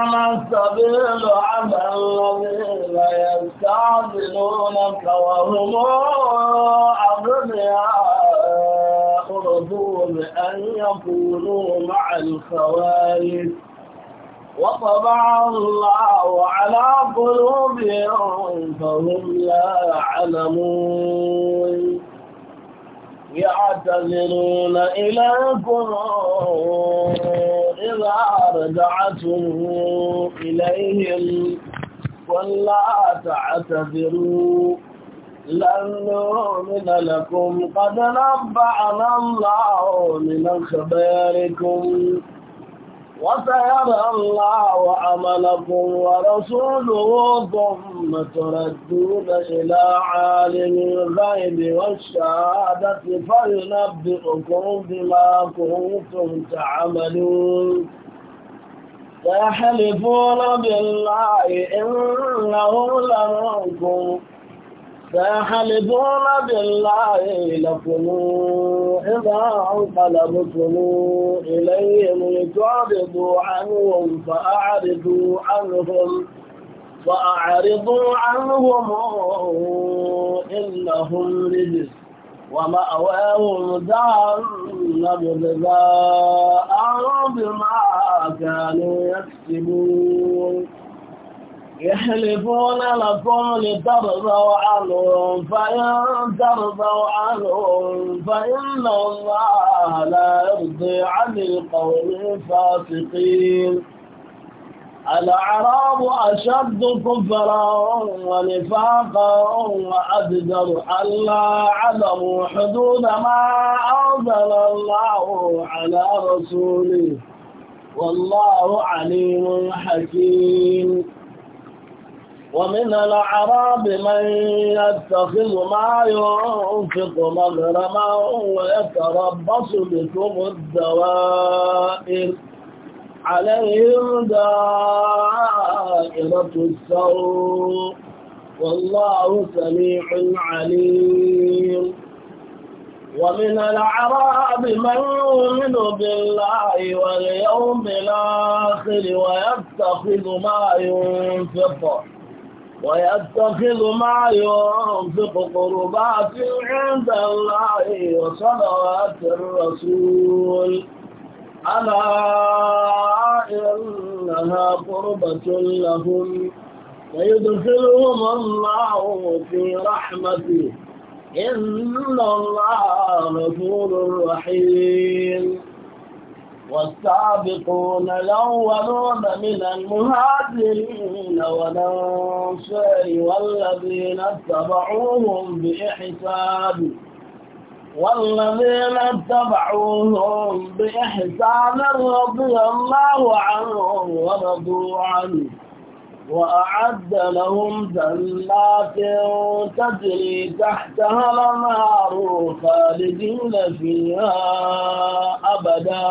كان السبيل على الذين يستعجلونك وهم أغنياء رضوا بأن يكونوا مع الخوارج وطبع الله على قلوبهم فهم لا يعلمون يعتذرون إليكم رجعته إليهم ولا تعتذروا لن نؤمن لكم قد نبعنا الله من خبركم وسيرى الله عملكم ورسوله ثم تردون إلى عالم الغيب والشهادة فينبئكم بما كنتم تعملون ويحلفون بالله إنه لمنكم eharịụadịatụụ ịdaụgbaatụụ relee ihe m ụọdịbụ anụụ aụụ harịụ anụụ mụụ da anụdụa abịa nya يحلفون لكم لترضوا عنهم فإن ترضوا عنهم فإن الله لا يرضي عن القوم الفاسقين الأعراب أشد كفرا ونفاقا وأجدر ألا عدموا حدود ما أنزل الله على رسوله والله عليم حكيم ومن الأعراب من يتخذ ما ينفق مغرما ويتربص بكم الدوائر عليهم دائرة السوء والله سميع عليم ومن الأعراب من يؤمن بالله واليوم الآخر ويتخذ ما ينفق ويتخذ ما ينفق قربات عند الله وصلوات الرسول ألا إنها قربة لهم ويدخلهم الله في رحمته إن الله غفور رحيم والسابقون الأولون من المهاجرين والأنصار والذين اتبعوهم بإحسان والذين اتبعوهم بإحسان رضي الله عنهم ورضوا عنه وأعد لهم جنات تجري تحتها الأنهار خالدين فيها أبدا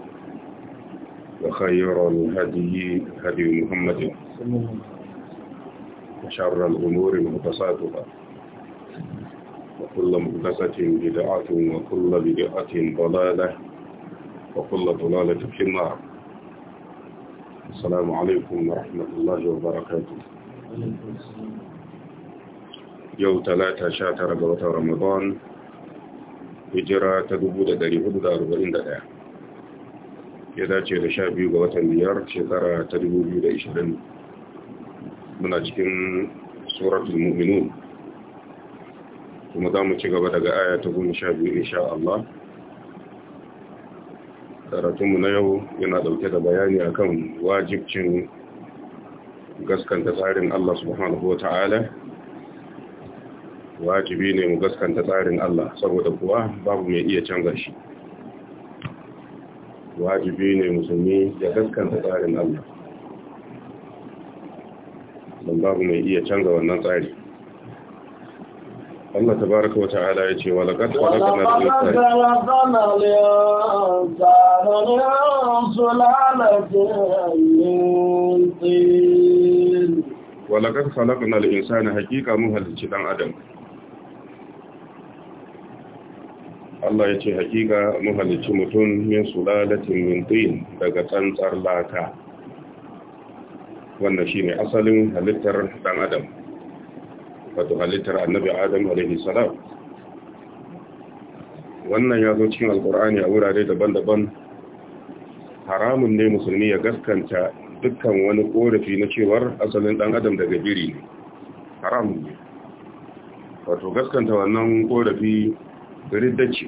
وخير الهدي هدي محمد وشر الأمور مهدساتها وكل مهدسة بدعة وكل بدعة ضلالة وكل ضلالة في النار السلام عليكم ورحمة الله وبركاته يوم ثلاثة شهر رمضان هجرة تدبود داري دار أربعين دقيقة ya dace da sha biyu ga watan biyar shekara ta dubu biyu da ishirin muna cikin suratul mu'minun kuma za mu ci gaba daga aya ta goma sha biyu insha Allah karatunmu na yau yana ɗauke da bayani akan wajibcin gaskanta tsarin Allah subhanahu wa ta'ala wajibi ne mu gaskanta tsarin Allah saboda kuwa babu mai iya canza shi wajibi ne musulmi ya gaskanta tsarin Allah don babu mai iya canza wannan tsari Allah tabaraka wa ta'ala ya ce wa laqad khalaqna al-insana wa laqad khalaqna al-insana haqiqa mun halicci dan adam Allah ya ce haƙiƙa mu halicci mutum min sulalatin min daga tsantsar laka wannan shine asalin halittar ɗan adam wato halittar annabi adam alaihi salam wannan ya zo cikin alkur'ani a wurare daban-daban haramun ne musulmi ya gaskanta dukkan wani korafi na cewar asalin ɗan adam daga biri ne haramun ne wato gaskanta wannan korafi ce,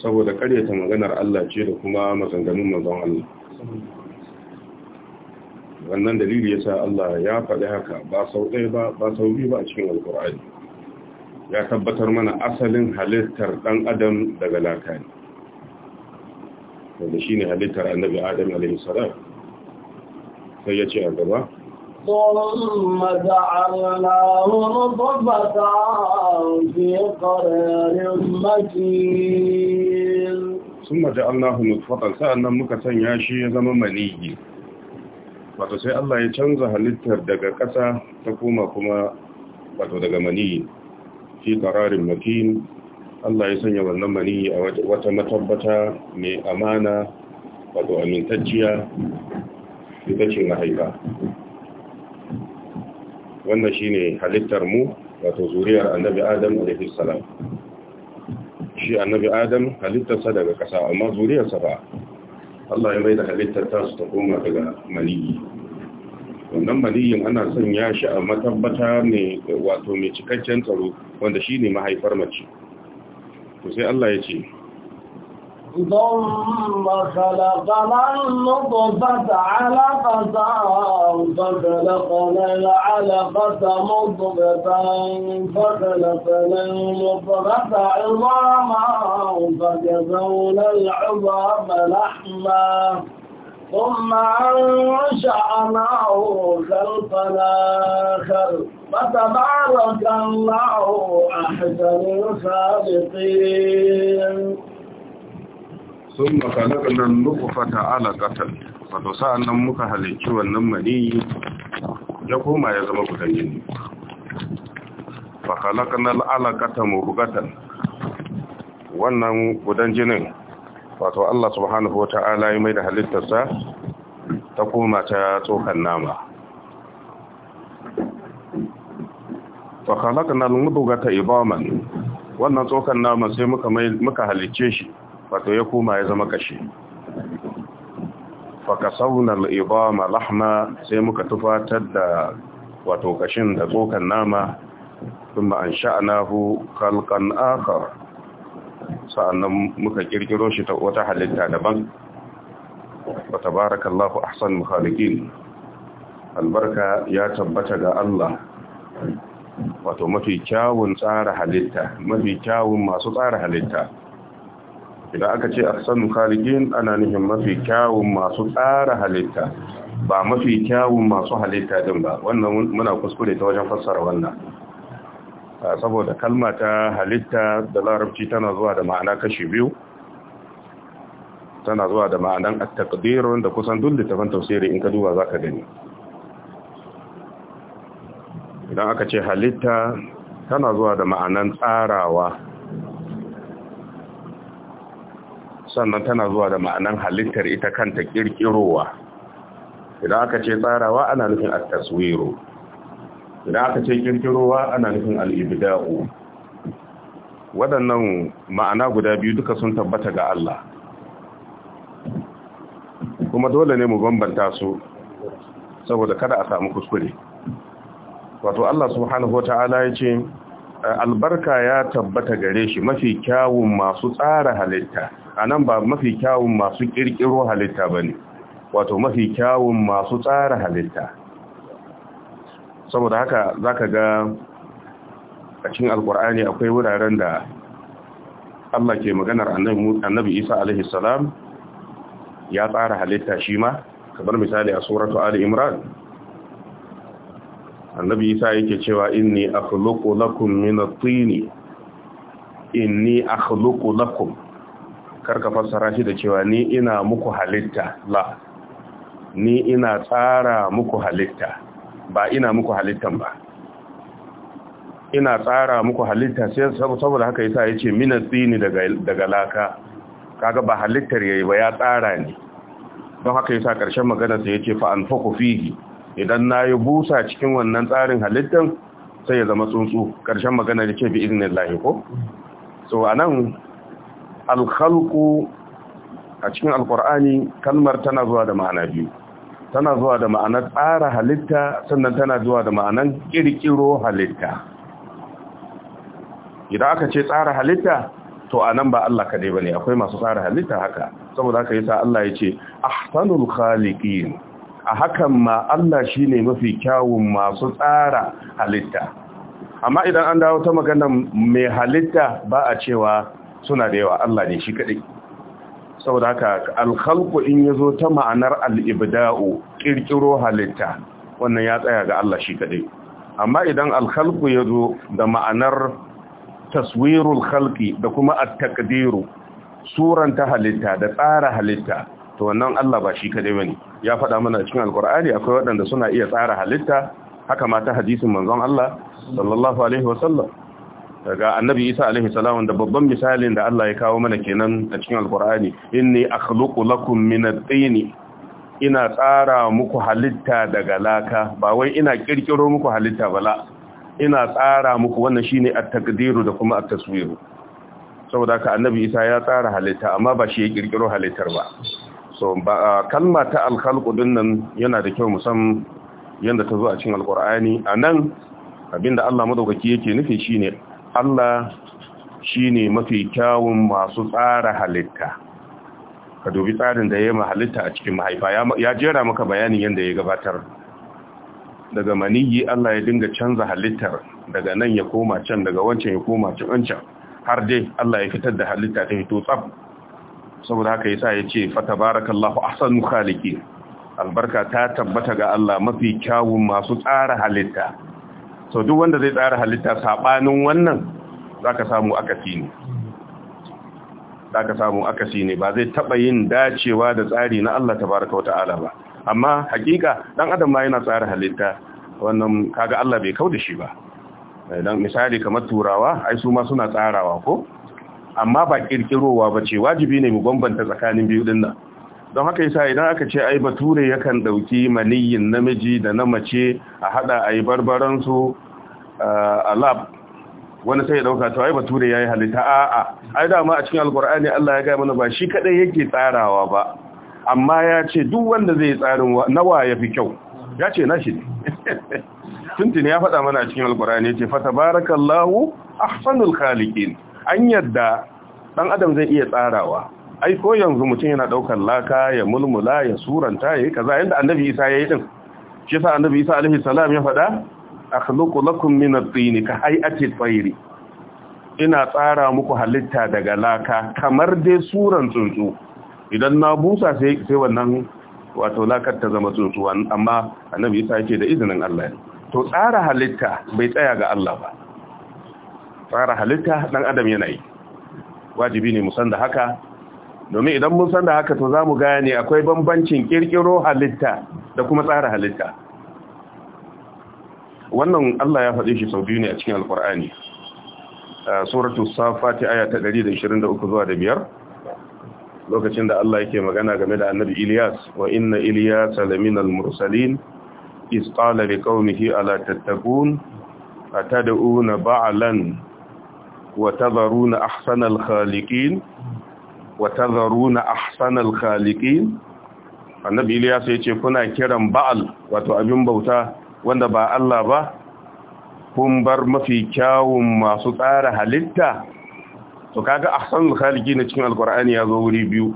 saboda karyata maganar Allah ce da kuma maganganun manzon Allah wannan dalili yasa Allah ya faɗi haka ba sau ɗaya ba ba sau biyu ba a cikin alkur'ani ya tabbatar mana asalin halittar ɗan adam daga laka ne wanda shine halittar annabi adam alaihi salam sai ya ce a gaba ثم جعلناه نطفة في قرار مكين ثم جعلناه نطفة سألنا مكسن ياشي زمن منيجي wato sai Allah ya canza halittar daga ƙasa ta koma kuma wato daga maniyi fi ƙararin makin Allah ya sanya wannan maniyi a wata matabbata mai amana wato amintacciya ita ce mahaifa wannan shine halittar mu wato zuriyar annabi adam alaihi salam shi annabi adam halittarsa daga kasa amma zuriyarsa ba Allah ya maida halittar ta ta koma daga maliyi. wannan maliyin ana sanya shi a matabbata ne wato mai cikakken tsaro wanda shine mahaifar mace to sai Allah ya ce ثم خلقنا النطفة علقة فخلقنا العلقة مضغة فخلقنا المضغة عظاما فكسونا العظام لحما ثم أنشأناه خلقا آخر فتبارك الله أحسن الخالقين sun makalakalar nufufata alaƙatar wato sa'an nan muka halicci wannan mani ya koma ya zama gudan jini makalakalar alaƙatar mubugatan wannan gudan jinin wato Allah subhanahu wa ta'ala ya mai da halittarsa ta koma ta tsokan nama makalakalar mubugata ibaman wannan tsokan nama sai muka halicce shi wato ya koma ya zama kashi fakasawun al'ibama lahma sai muka tufatar da wato kashin da tsokan nama sun an sha'anahu kalkan akar sa'annan muka kirkiro shi ta wata halitta daban wa tabarakallahu ahsan mukhaliqin albarka ya tabbata ga Allah wato mafi kyawun tsara halitta mafi kyawun masu tsara halitta idan aka ce ahsanu khaliqin ana nufin mafi kyawun masu tsara halitta ba mafi kyawun masu halitta din ba wannan muna kuskure ta wajen fassara wannan ah, saboda kalma ta halitta da larabci tana zuwa da ma'ana kashi biyu tana zuwa da ma'anan at-taqdirun da kusan duk littafin tafsiri in ka duba zaka gani idan aka ce halitta tana zuwa da ma'anan tsarawa sannan tana zuwa da ma'anan halittar ita kanta kirkirowa idan aka ce tsarawa ana nufin al taswiru idan aka ce kirkirowa ana nufin al-ibda'u waɗannan ma'ana guda biyu duka sun tabbata ga Allah kuma dole ne mu bambanta su saboda kada a samu kuskure wato Allah subhanahu wata'ala ya ce albarka ya tabbata gare shi mafi kyawun masu tsara halitta Anan ba mafi kyawun masu ƙirƙiro halitta ba ne wato mafi kyawun masu tsara halitta saboda haka za ka ga a cikin alkur'ani akwai wuraren da Allah ke maganar annabi isa alaihissalam ya tsara halitta shi ma kamar misali a suratu ali imran annabi isa yake cewa inni akhluqu lakum min at-tin inni akhluqu lakum karka fassara shi da cewa ni ina muku halitta la ni ina tsara muku halitta ba ina muku halittan ba ina tsara muku halitta sai saboda haka yasa yace mina tsini daga daga laka kaga ba halittar yayi ba ya tsara ne don haka yasa karshen magana sai yace fa anfaku fihi idan nayi busa cikin wannan tsarin halittan sai ya zama tsuntsu karshen magana yace bi idnillahi ko so anan alkhalku a cikin alkur'ani kalmar tana zuwa da ma'ana biyu tana zuwa da ma'anar tsara halitta sannan tana zuwa da ma'anar kirkiro halitta idan aka ce tsara halitta to a nan ba Allah kaɗai ba ne akwai masu tsara halitta haka saboda haka sa Allah ya ce ahsanul khaliqin a hakan ma Allah shine mafi kyawun masu tsara halitta amma idan an dawo ta maganar mai halitta ba a cewa suna da yawa Allah ne shi kaɗai saboda haka alkhalku in ya zo ta ma'anar al'ibda'u ƙirƙiro halitta wannan ya tsaya ga Allah shi kaɗai amma idan alkhalku ya zo da ma'anar taswirul khalqi da kuma at suranta halitta da tsara halitta to wannan Allah ba shi kaɗai bane ya faɗa mana cikin alkur'ani akwai waɗanda suna iya tsara halitta haka ma ta hadisin manzon Allah sallallahu alaihi wasallam daga annabi isa alaihi salam da babban misalin da Allah ya kawo mana kenan a cikin alkur'ani inni akhluqu lakum min at-tin ina tsara muku halitta daga laka ba wai ina kirkiro muku halitta bala ina tsara muku wannan shine at-taqdiru da kuma at-taswiru saboda haka annabi isa ya tsara halitta amma ba shi ya kirkiro halittar ba so ba kalma ta al-khalqu dinnan yana da kyau musamman yanda ta zo a cikin alkur'ani anan abinda Allah madaukaki yake nufi shine Allah shi ne mafi kyawun masu tsara halitta ka dubi tsarin da ya yi halitta a cikin mahaifa ya jera maka bayanin yadda ya gabatar daga maniyi Allah ya dinga canza halittar daga nan ya koma can daga wancan ya koma can wancan har dai Allah ya fitar da halitta ta fito tsab saboda haka ya sa ya ce fatabarakallahu ahsanu khaliqin albarka ta tabbata ga Allah mafi kyawun masu tsara halitta so duk wanda zai tsara halitta sabanin wannan ka samu akasi ne ka samu akasi ne ba zai taba yin dacewa da tsari na Allah ta baraka ta'ala ba amma hakika ɗan adam ma yana tsara halitta wannan kaga Allah bai kau da shi ba eh, don misali kamar turawa ai su ma suna tsarawa ko amma ba ƙirƙirowa ba ce wajibi ne mu bambanta tsakanin biyu din nan don haka yasa idan aka ce ai bature yakan dauki maniyin namiji da na mace a hada ai barbaran su uh, a lab wani sai ya dauka to ai bature yayi halitta a ai dama a cikin alkur'ani Allah ya ga mana ba shi kadai yake tsarawa ba amma ya ce duk wanda zai tsarin nawa ya fi kyau ya ce nashi ne tuntun ya faɗa mana a cikin alkur'ani ya ce a ahsanul khaliqin an yadda dan adam zai iya tsarawa ai ko yanzu mutum yana daukar laka ya mulmula ya suranta yayi kaza inda annabi Isa yayi din shi sa annabi Isa alaihi salam ya faɗa akhluqu lakum min at-tin ka hay'ati at-tayr ina tsara muku halitta daga laka kamar dai suran tsuntsu idan na busa sai sai wannan wato lakar ta zama tsuntsu amma annabi Isa yake da izinin Allah to tsara halitta bai tsaya ga Allah ba tsara halitta dan adam yana yi wajibi ne musan da haka domin idan mun san da haka to za mu gane akwai bambancin kirkiro halitta da kuma tsara halitta wannan Allah ya faɗe shi sau biyu ne a cikin alkur'ani suratu safati aya ta 123 zuwa da biyar lokacin da Allah yake magana game da annabi Ilyas wa inna Ilyas laminal mursalin iz qala liqaumihi ala tattaqun atad'una ba'lan wa tadharuna ahsanal khaliqin watazaruna ahsanal khaliqin annabi Ilyas ya ce kuna kiran Ba'al wato abin bauta wanda ba Allah ba kun bar mafi kyawun masu tsara halitta to kaga ahsanul khaliqin cikin alqur'ani ya zo wuri biyu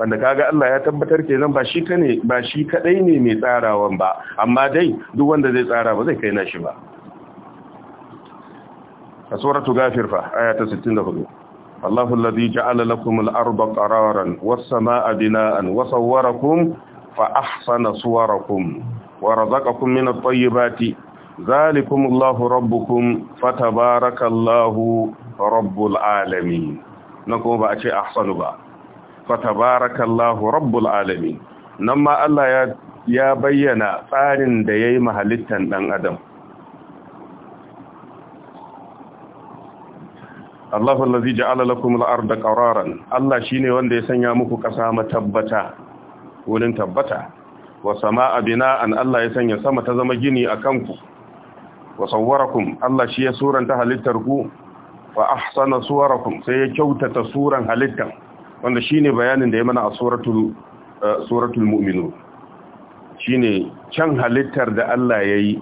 wanda kaga Allah ya tabbatar kenan ba shi kane ba shi kadai ne mai tsarawan ba amma dai duk wanda zai tsara ba zai kai na shi ba a suratul gafir fa aya 64 الله الذي جعل لكم الأرض قرارا والسماء بناء وصوركم فأحسن صوركم ورزقكم من الطيبات ذلكم الله ربكم فتبارك الله رب العالمين نقوم بأشي أحسن بقى فتبارك الله رب العالمين نما الله يا bayyana tsarin da ya yi mahalittan ɗan adam Allahu allazi ja'ala lakum al-ardha qararan Allah shine wanda ya sanya muku kasa matabbata wurin tabbata wa sama'a bina'an Allah ya sanya sama ta zama gini akan ku wa sawwarakum Allah shi ya suranta halittar ku fa ahsana suwarakum sai ya kyautata suran halittar wanda shine bayanin da ya mana a suratul eh, suratul mu'minun shine can halittar da Allah yayi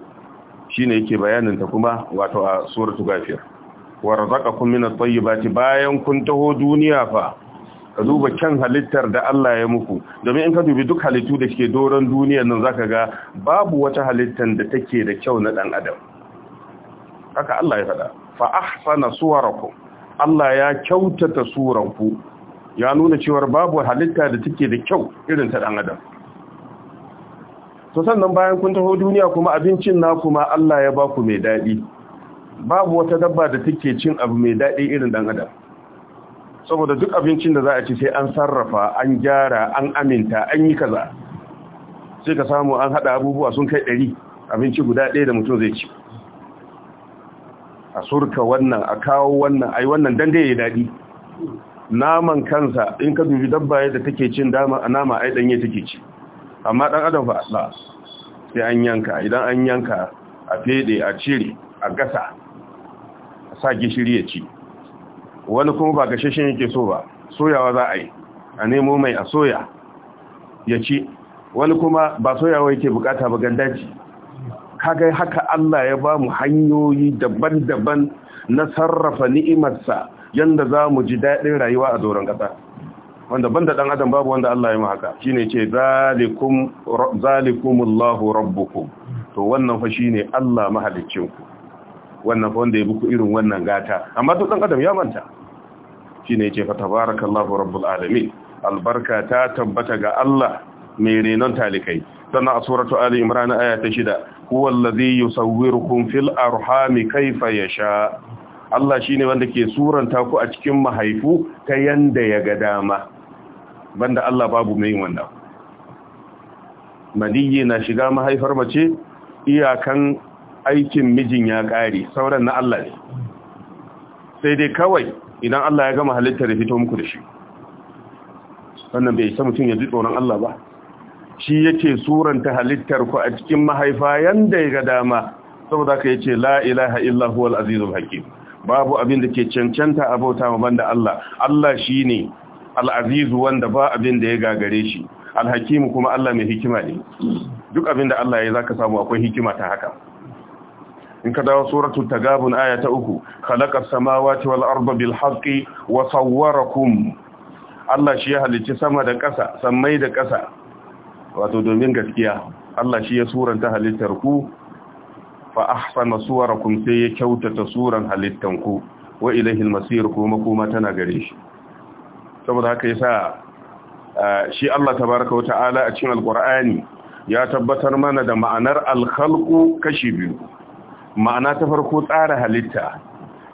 shine yake bayanin ta kuma wato a suratul ghafir wa razaqakum min at-tayyibati bayan kun taho duniya fa ka duba kyan halittar da Allah ya muku domin in ka dubi duk halittu da ke doron duniyar nan zaka ga babu wata halittar da take da kyau na dan adam haka Allah ya faɗa fa ahsana suwarakum Allah ya kyautata suranku ya nuna cewa babu halitta da take da kyau irin ta dan adam to sannan bayan kun taho duniya kuma abincin na kuma Allah ya baku mai daɗi babu wata dabba da take cin abu mai daɗi irin dan adam saboda duk abincin da za a ci sai an sarrafa an gyara an aminta an yi kaza sai ka samu an haɗa abubuwa sun kai ɗari abinci guda ɗaya da mutum zai ci a surka wannan a kawo wannan ai wannan dan dai ya daɗi naman kansa in ka dubi dabba da take cin dama a nama ai ɗanye take ci amma ɗan adam ba sai an yanka idan an yanka a feɗe, a cire a gasa sa gishiri ya ci wani kuma ba gashashin yake so ba soyawa za a yi a nemo mai a soya ya ci wani kuma ba soyawa yake bukata ba gandaci kaga haka Allah ya ba mu hanyoyi daban-daban na sarrafa ni'imarsa yadda za mu ji daɗin rayuwa a doron ƙasa wanda banda ɗan adam babu wanda Allah ya haka ne ce zalikum zalikumullahu rabbukum to wannan fa ne Allah mahaliccinku wannan fa wanda ya buku irin wannan gata amma duk dan adam ya manta shine yake fa tabarakallahu rabbul alamin albarka ta tabbata ga Allah mai renon talikai sannan a suratu ali imran aya ta shida huwa allazi yusawwirukum fil arhami kaifa yasha Allah shine wanda ke suranta ku a cikin mahaifu ta yanda ya ga dama banda Allah babu mai wannan maniyyi na shiga mahaifar mace iyakan aikin mijin ya ƙare sauran na Allah ne sai dai kawai idan Allah ya gama halittar da fito muku da shi wannan bai sa mutum ya ji tsoron Allah ba shi yake suranta halittar ku a cikin mahaifa yanda ya ga dama saboda ka yace la ilaha illa huwal azizul hakim babu abin da ke cancanta abota ma banda Allah Allah shine al-aziz wanda ba abin da ya gagare shi al-hakim kuma Allah mai hikima ne duk abin da Allah ya zaka samu akwai hikima ta haka in ka dawo suratul tagabun aya ta uku khalaqas samawati wal arda bil haqqi wa sawwarakum Allah shi ya halicci sama da ƙasa sammai da ƙasa wato domin gaskiya Allah shi ya suranta halittar ku fa ahsana suwarakum sai ya kyautata suran halittan ku wa ilaihil masir kuma kuma tana gare shi saboda haka yasa shi Allah tabaraka wa ta'ala a cikin alqur'ani ya tabbatar mana da ma'anar alkhalku kashi biyu ma'ana ta farko tsara halitta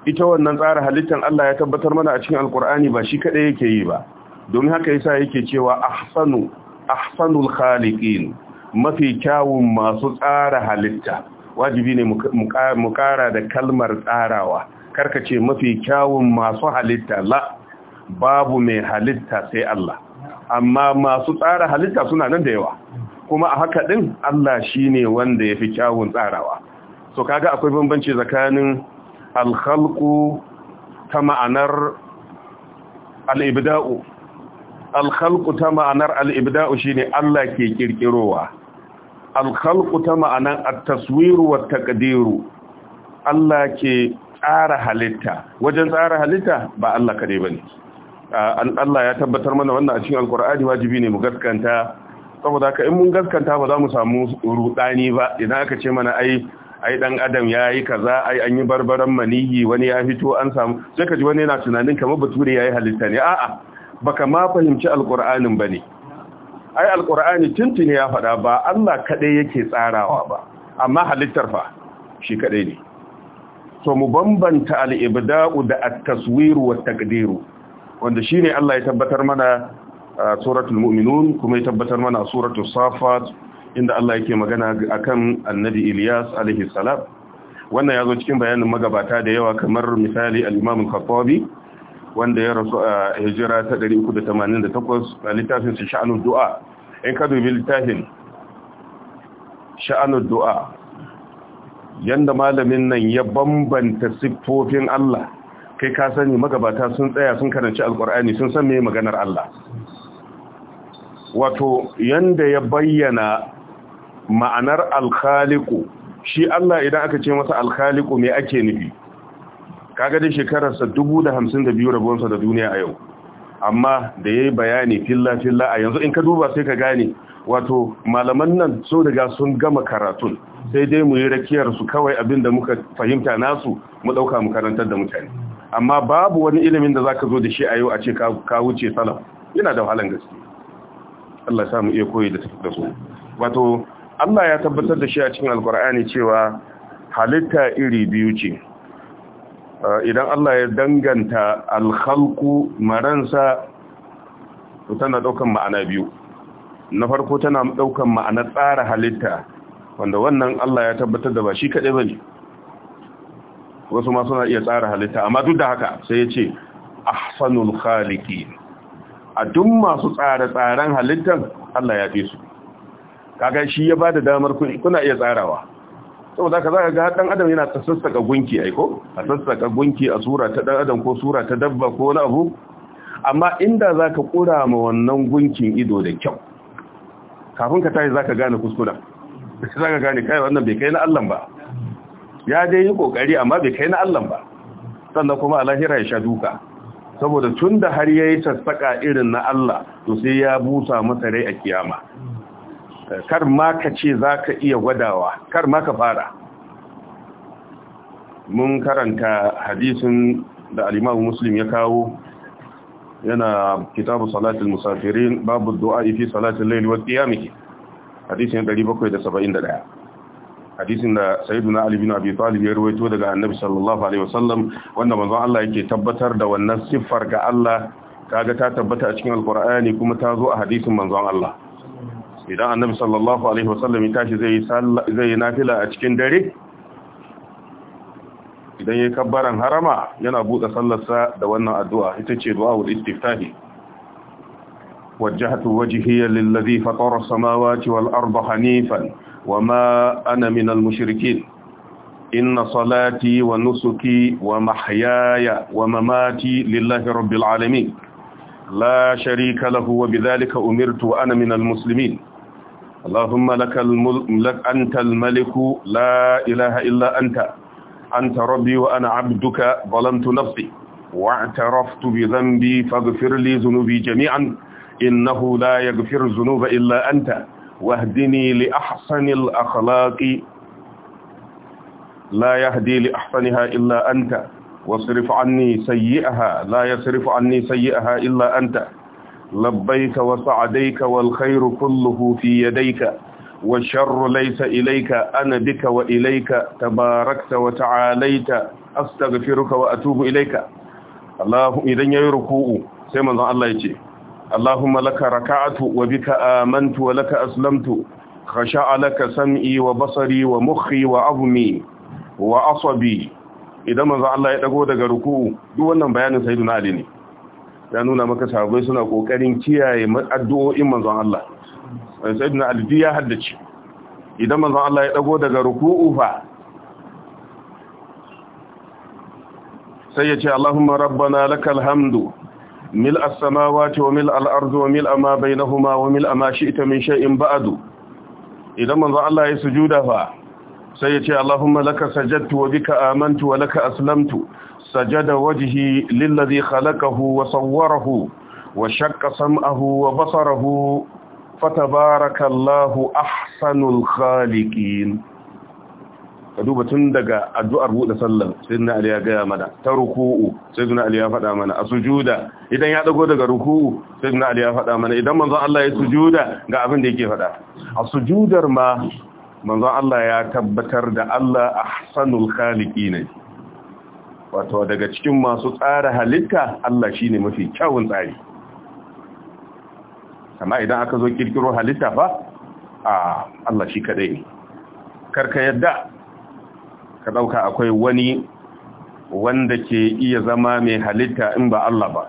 ita wannan tsara halittan Allah ya tabbatar mana a cikin alkur'ani ba shi kaɗai yake yi ba domin haka yasa yake cewa ahsanu ahsanul khaliqin mafi kyawun masu tsara halitta wajibi ne mu kara da kalmar tsarawa Karka ce mafi kyawun masu halitta la babu mai halitta sai Allah amma masu tsara halitta suna nan da yawa kuma a haka din Allah shine wanda yafi kyawun tsarawa so ka ga akwai bambanci tsakanin alkhalqu ta ma'anar al-ibda'u alkhalqu ta ma'anar al-ibda'u shine Allah ke kirkirowa alkhalqu ta ma'anar at-taswiru wa taqdiru Allah ke tsara halitta wajen tsara halitta ba Allah kade bane an Allah ya tabbatar mana wannan a cikin alkur'ani wajibi ne mu gaskanta saboda haka in mun gaskanta ba za mu samu rudani ba idan aka ce mana ai ai dan adam ya yi kaza ai an yi barbaran maniyi wani ya fito an samu sai kaji wani yana tunanin kamar bature yayi halitta ne a'a baka ma fahimci alqur'anin bane ai alqur'ani tuntune ya faɗa ba Allah kadai yake tsarawa ba amma halittar fa shi kadai ne so mu bambanta al-ibda'u da at-taswiru Wanda taqdiru wanda shine Allah ya tabbatar mana suratul mu'minun kuma ya tabbatar mana suratul safat inda Allah yake magana akan annabi Ilyas alaihi salam wannan ya zo cikin bayanin magabata da yawa kamar misali al-Imam al wanda ya rasu a hijira ta 388 a littafin su sha'anud du'a in ka dubi littafin sha'anud du'a yanda malamin nan ya bambanta siffofin Allah kai ka sani magabata sun tsaya sun karanci alkur'ani sun san me maganar Allah wato yanda ya bayyana ma'anar alkhaliku shi Allah idan aka ce masa alkhaliku me ake nufi kaga da shekararsa 1052 rabuwarsa da duniya a yau amma da yayi bayani filla filla a yanzu in ka duba sai ka gane wato malaman nan so daga sun gama karatun sai dai mu yi rakiyar su kawai abinda muka fahimta nasu mu ɗauka mu karantar da mutane amma babu wani ilimin da zaka zo da shi a yau a ce ka wuce Salam, yana da wahalan gaske Allah ya samu iya koyi da su wato Allah ya tabbatar da shi a cikin alkur'ani cewa halitta iri biyu ce idan Allah ya danganta alhalku maransa tana daukan ma'ana biyu na farko tana daukan ma'ana tsara halitta wanda wannan Allah ya tabbatar da ba shi kaɗai ba ne wasu ma suna iya tsara halitta amma duk da haka sai ya ce ahsanul khaliki a duk masu tsare-tsaren halittan, Allah ya fi su kaga shi ya bada damar kuna iya tsarawa saboda ka zaka ga dan adam yana tsassaka sassaka gunki aiko a sassaka gunki a sura ta dan adam ko sura ta dabba ko wani abu amma inda zaka kura ma wannan gunkin ido da kyau kafin ka tashi zaka gane kuskura zaka gane kai wannan bai kai na Allah ba ya dai yi kokari amma bai kai na Allah ba sannan kuma Alahira ya sha duka saboda tunda har yayi tsassaka irin na Allah to sai ya busa masa rai a kiyama kar ma ka ce za ka iya gwadawa kar ma ka fara mun karanta hadisin da alimahu muslim ya kawo yana kitabu salatul musafirin babu du'a fi salatul layl wa qiyamih hadisin 771 hadisin da sayyiduna ali bin abi talib ya rawaito daga annabi sallallahu alaihi wasallam wanda manzon Allah yake tabbatar da wannan siffar ga Allah kaga ta tabbata a cikin alqur'ani kuma ta zo a hadisin manzon Allah idan annabi sallallahu alaihi wasallam ya tashi zai zai yi nafila a cikin dare idan yayi kabbaran harama yana buɗe sallarsa da wannan addu'a ita ce du'a'ul istiftahi wajjahtu wajhiya lillazi fatara samawati wal arda hanifan ma ana minal mushrikin inna salati wa nusuki wa mahyaya wa mamati lillahi rabbil alamin la sharika lahu wa bidhalika umirtu wa ana minal muslimin اللهم لك الملك أنت الملك لا إله إلا أنت أنت ربي وأنا عبدك ظلمت نفسي واعترفت بذنبي فاغفر لي ذنوبي جميعا إنه لا يغفر الذنوب إلا أنت واهدني لأحسن الأخلاق لا يهدي لأحسنها إلا أنت واصرف عني سيئها لا يصرف عني سيئها إلا أنت labbaika wa sa'daika wal khairu kulluhu fi yadayka wa sharru ilayka ana bika wa ilayka tabarakta wa ta'alayta astaghfiruka wa atubu ilayka Allahu idan yayi ruku'u sai manzon Allah yace Allahumma laka raka'atu wa bika amantu wa laka aslamtu khasha'a laka sam'i wa basari wa mukhi wa azmi wa asabi idan manzon Allah ya dago daga ruku'u duk wannan bayanin sayyiduna Ali ne ya nuna maka sahabbai suna kokarin kiyaye addu'o'in manzon Allah sayyidina Ali ya haddace idan manzon Allah ya dago daga ruku'u fa sai ya ce Allahumma rabbana lakal hamdu mil as-samawati wa mil al-ardi wa mil ma bainahuma wa mil ma shi'ta min shay'in ba'du idan manzon Allah ya sujuda fa sai ya ce Allahumma laka sajadtu wa bika amantu wa laka aslamtu سجد وجهي للذي خلقه وصوره وشق سمعه وبصره فتبارك الله أحسن الخالقين kaduba tun daga addu'ar buɗe sallar sayyidina ali ya gaya mana ta ruku'u sayyidina ali ya faɗa mana a sujuda idan ya dago daga ruku'u sayyidina ali ya faɗa mana idan manzon Allah ya sujuda ga abin da yake faɗa a sujudar ma manzon Allah ya tabbatar da Allah ahsanul khaliqin ne wato daga cikin masu tsara halitta Allah shi ne mafi kyawun tsari amma idan aka zo kirkiro halitta ba a Allah shi kadai ne karka yadda ka dauka akwai wani wanda ke iya zama mai halitta in ba Allah ba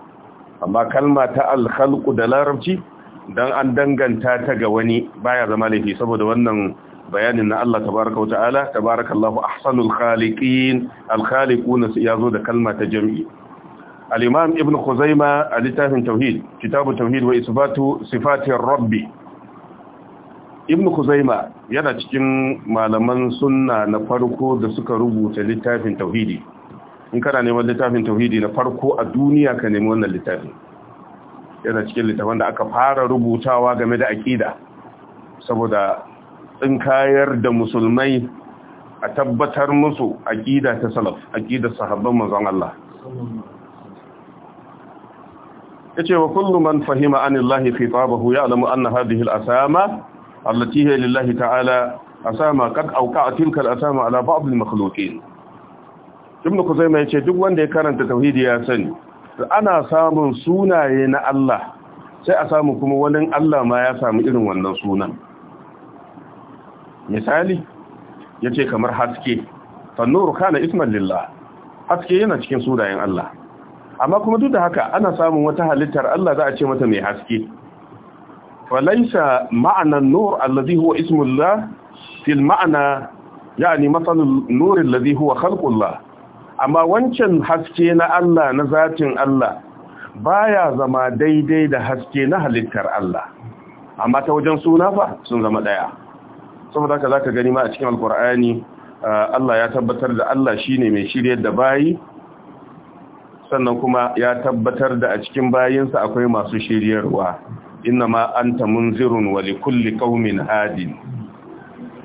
amma kalma ta al-khalqu da larabci dan an danganta ta ga wani baya zama laifi saboda wannan bayanin na Allah tabaraka wa ta'ala tabarakallahu ahsanul khaliqin al-khaliqun ya da kalma ta jam'i al-imam ibn khuzaima a littafin tauhid kitabu tauhid wa isbatu sifati rabbi ibn khuzaima yana cikin malaman sunna na farko da suka rubuta littafin tauhidi in kana neman littafin tauhidi na farko a duniya ka nemi wannan littafin yana cikin littafin da aka fara rubutawa game da aqida saboda kayar da musulmai a tabbatar musu aƙida ta salaf aƙidar sahabban manzon Allah yace wa kullu man fahima anillahi khitabahu ya'lamu anna hadhihi al-asama allati hiya lillahi ta'ala asama qad awqa'a tilka al-asama ala ba'd al-makhluqin ibn kuzaima yace duk wanda ya karanta tauhidi ya sani ana samun sunaye na Allah sai a samu kuma wani Allah ma ya samu irin wannan sunan misali ya ce kamar haske fannuru kana isman lillah haske yana cikin sudayen Allah amma kuma duk da haka ana samun wata halittar Allah za a ce mata mai haske falaisa ma'anan nur allazi huwa ismullah fil ma'ana yani matsalul nur allazi huwa khalqullah amma wancan haske na Allah na zatin Allah baya zama daidai da haske na halittar Allah amma ta wajen suna fa sun zama daya saboda ka zaka gani ma a cikin alkur'ani Allah ya tabbatar da Allah shine mai shiryar da bayi sannan kuma ya tabbatar da a cikin bayinsa akwai masu shiryarwa inna ma anta munzirun wa likulli qaumin hadin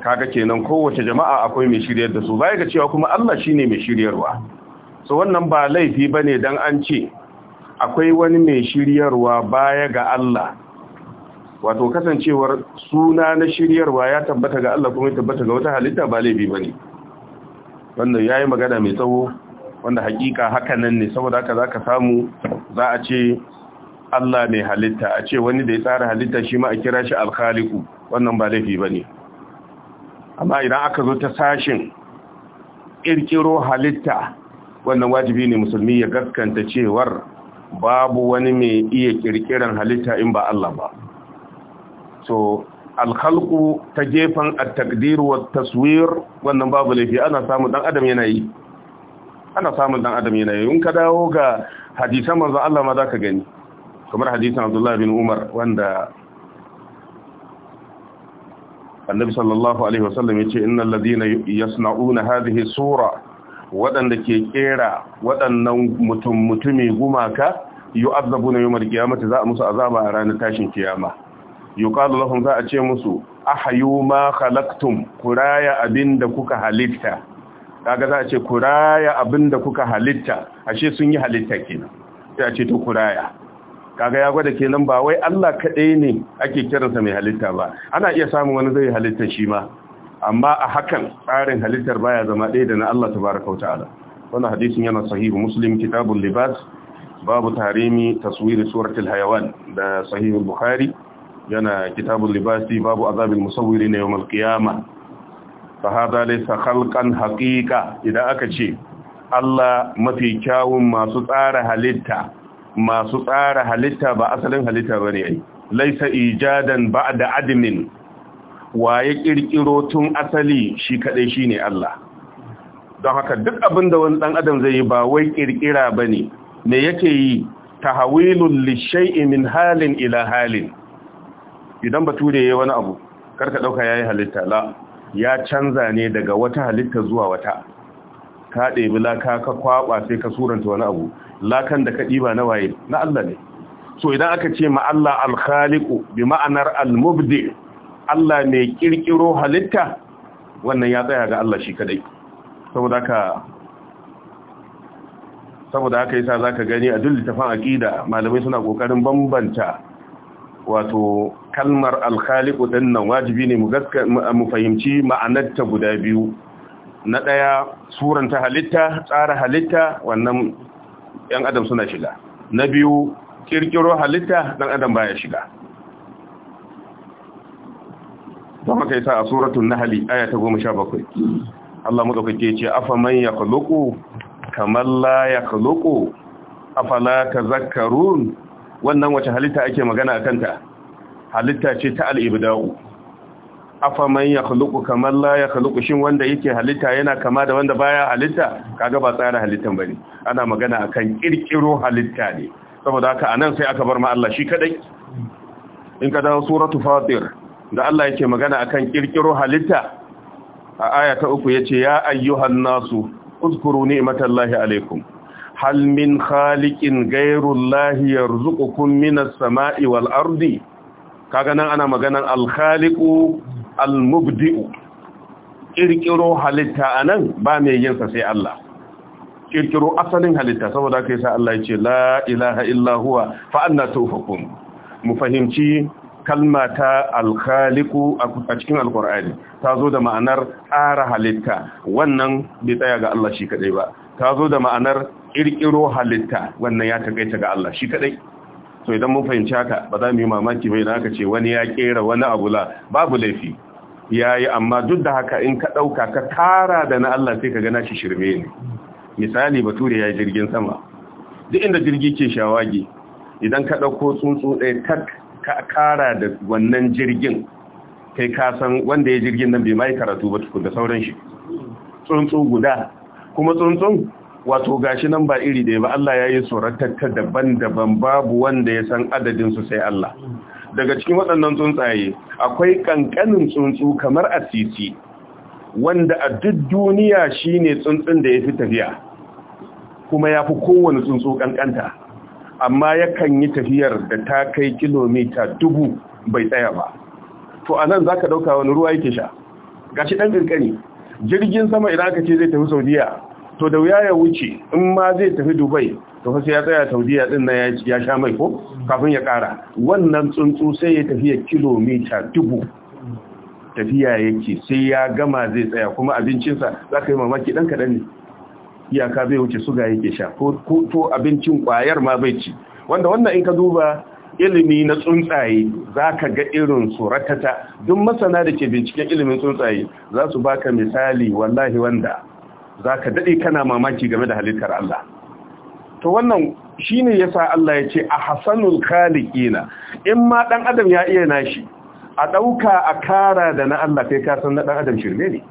kaga kenan kowace jama'a akwai mai shiryar da su bai ga cewa kuma Allah shine mai shiryarwa so wannan ba laifi bane dan an ce akwai wani mai shiryarwa baya ga Allah wato kasancewar suna na shiryarwa ya tabbata ga Allah kuma ya tabbata ga wata halitta ba laifi ba ne. wannan yayi magana mai tsawo wanda hakika haka nan ne saboda haka zaka samu za a ce Allah ne halitta a ce wani da ya tsara halitta shi ma a kira shi alkaliku wannan ba laifi ba ne. amma idan aka zo ta sashin ƙirƙiro halitta wannan wajibi ne musulmi ya gaskanta cewar babu wani mai iya ƙirƙiran halitta in ba Allah ba wato alkhalqu ta gefen at-taqdir wa taswir wannan babu laifi ana samu dan adam yana yi ana samun dan adam yana yi in ka dawo ga hadisan manzo Allah ma zaka gani kamar hadisan Abdullah bin Umar wanda Annabi sallallahu alaihi wasallam yace innal ladina yasna'una hadhihi sura wadanda ke kera wadannan mutum mutumi gumaka yu'azzabuna yawmal qiyamati za a musu azaba a ranar tashin kiyama yuqalu lahum za a ce musu ahayu ma khalaqtum kuraya abinda kuka halitta kaga za a ce kuraya abinda kuka halitta ashe sun yi halitta kenan sai a ce to kuraya kaga ya gwada kenan ba wai Allah kadai ne ake kiransa mai halitta ba ana iya samun wani zai halitta shi ma amma a hakan tsarin halittar baya zama ɗaya da na Allah tabaraka ta'ala wannan hadisin yana sahihu muslim kitabun libas babu tarimi taswiri suratul hayawan da sahihul bukhari yana kitabun libasi babu azabin musawiri na yawmal qiyama fa hada laysa idan aka ce Allah mafi kyawun masu tsara halitta masu tsara halitta ba asalin halitta bane ai laysa ijadan da admin waye ƙirƙiro tun asali shi kaɗai shine Allah don haka duk abin da wani ɗan adam zai yi ba wai ƙirƙira ba ne me yake yi tahawilun lishai'i min halin ila halin idan bature ya yi wani abu karka dauka yi halitta la ya canza ne daga wata halitta zuwa wata ka ɗebi laka ka kwaba sai ka suranta wani abu lakan da ka ɗiba na waye na Allah ne so idan aka ce ma Allah bi ma'anar al Allah mai kirkiro halitta wannan ya tsaya ga Allah shi kadai saboda ka saboda haka yasa zaka gani a duk tafan aqida malamai suna kokarin bambanta wato kalmar alkhaliku din nan wajibi ne mu fahimci ma'anar ta guda biyu na ɗaya suranta halitta tsara halitta wannan ‘yan adam suna shiga na biyu kirkiro halitta ɗan adam baya shiga don haka yi sa a suratun nahali ayata goma sha bakwai Allah mu ɗaukake ce afa man ya kaluku afala ta zakarun wannan wace halitta ake magana a kanta halitta ce ta al'ibda'u afaman ya khuluku kamar la ya khuluku shin wanda yake halitta yana kama da wanda baya halitta kaga ba tsara halittan ne. ana magana akan kirkiro halitta ne saboda haka anan sai aka bar ma Allah shi kaɗai. in ka dawo suratu fatir da Allah yake magana akan kirkiro halitta a aya ta uku ce ya ayyuhan nasu uzkuru ni'matallahi alaikum hal min khaliqin ghayrullahi yarzuqukum minas sama'i wal ardi kaga nan ana maganan al khaliqu al mubdi'u kirkiro halitta anan ba mai yin sa sai Allah kirkiro asalin halitta saboda kai sa Allah ya ce la ilaha illa huwa fa anna tufakun mu fahimci kalma ta alkhaliku a cikin alkur'ani ta zo da ma'anar tsara halitta wannan bai tsaya ga Allah shi kadai ba ta zo da ma'anar ƙirƙiro halitta wannan ya takaita ga Allah shi kadai To idan mun fahimci haka ba za mu yi mamaki ba idan aka ce wani ya kera wani abu la babu laifi Yayi amma duk da haka in ka ɗauka ka tara da na Allah sai ka na shi shirme ne misali bature ya yi jirgin sama duk inda jirgi ke shawagi idan ka ɗauko tsuntsu ɗaya ka kara da wannan jirgin kai ka san wanda ya jirgin nan bai mai karatu ba tukun da sauran shi tsuntsu guda kuma tsuntsun wato gashi nan ba iri da ba Allah ya yi ta daban-daban babu wanda ya san adadinsu sai Allah daga cikin waɗannan tsuntsaye akwai ƙanƙanin tsuntsu kamar asisi wanda a duk duniya shine tsuntsun da ya fi tafiya kuma ya fi kowane tsuntsu ƙanƙanta amma yakan yi tafiyar da ta kai kilomita dubu bai tsaya ba to a nan za ka ɗauka wani ruwa yake sha gashi ɗan ƙirƙani jirgin sama idan aka ce zai tafi saudiya to da wuya ya wuce in ma zai tafi dubai to sai ya tsaya saudiya din na ya sha mai ko kafin ya kara wannan tsuntsu sai ya tafiya kilomita dubu tafiya yake sai ya gama zai tsaya kuma abincinsa za ka yi mamaki ɗan kaɗan ne iyaka zai wuce suga yake sha ko to abincin ƙwayar ma bai ci wanda wannan in ka duba ilimi na tsuntsaye za ka ga irin su ratata duk masana da ke binciken ilimin tsuntsaye za su baka misali wallahi wanda za ka daɗe kana mamaki game da halittar Allah to wannan shi ne ya sa Allah ya ce a hasanul khaliƙina in ma ɗan adam ya iya nashi a ɗauka a kara da na Allah kai kasan na ɗan adam shirme ne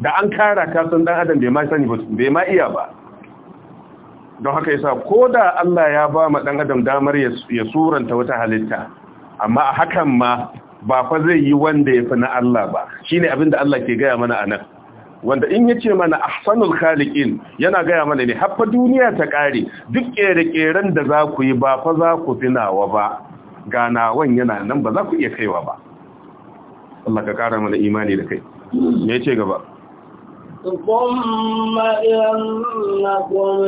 da an kara kasan ɗan adam bai ma bai ma iya ba don haka ya sa ko da Allah ya ba ma ɗan adam damar ya suranta wata halitta amma a hakan ma ba fa zai yi wanda ya fi na Allah ba Shi abin da Allah ke gaya mana a nan wanda in yace mana ahsanul khaliqin yana gaya mana ne haffa duniya ta kare duk kere-keren da za ku yi ba fa za ku finawa ba ganawan yana nan ba za ku iya kaiwa ba Allah ka kara mana imani da kai me yace gaba ثم إنكم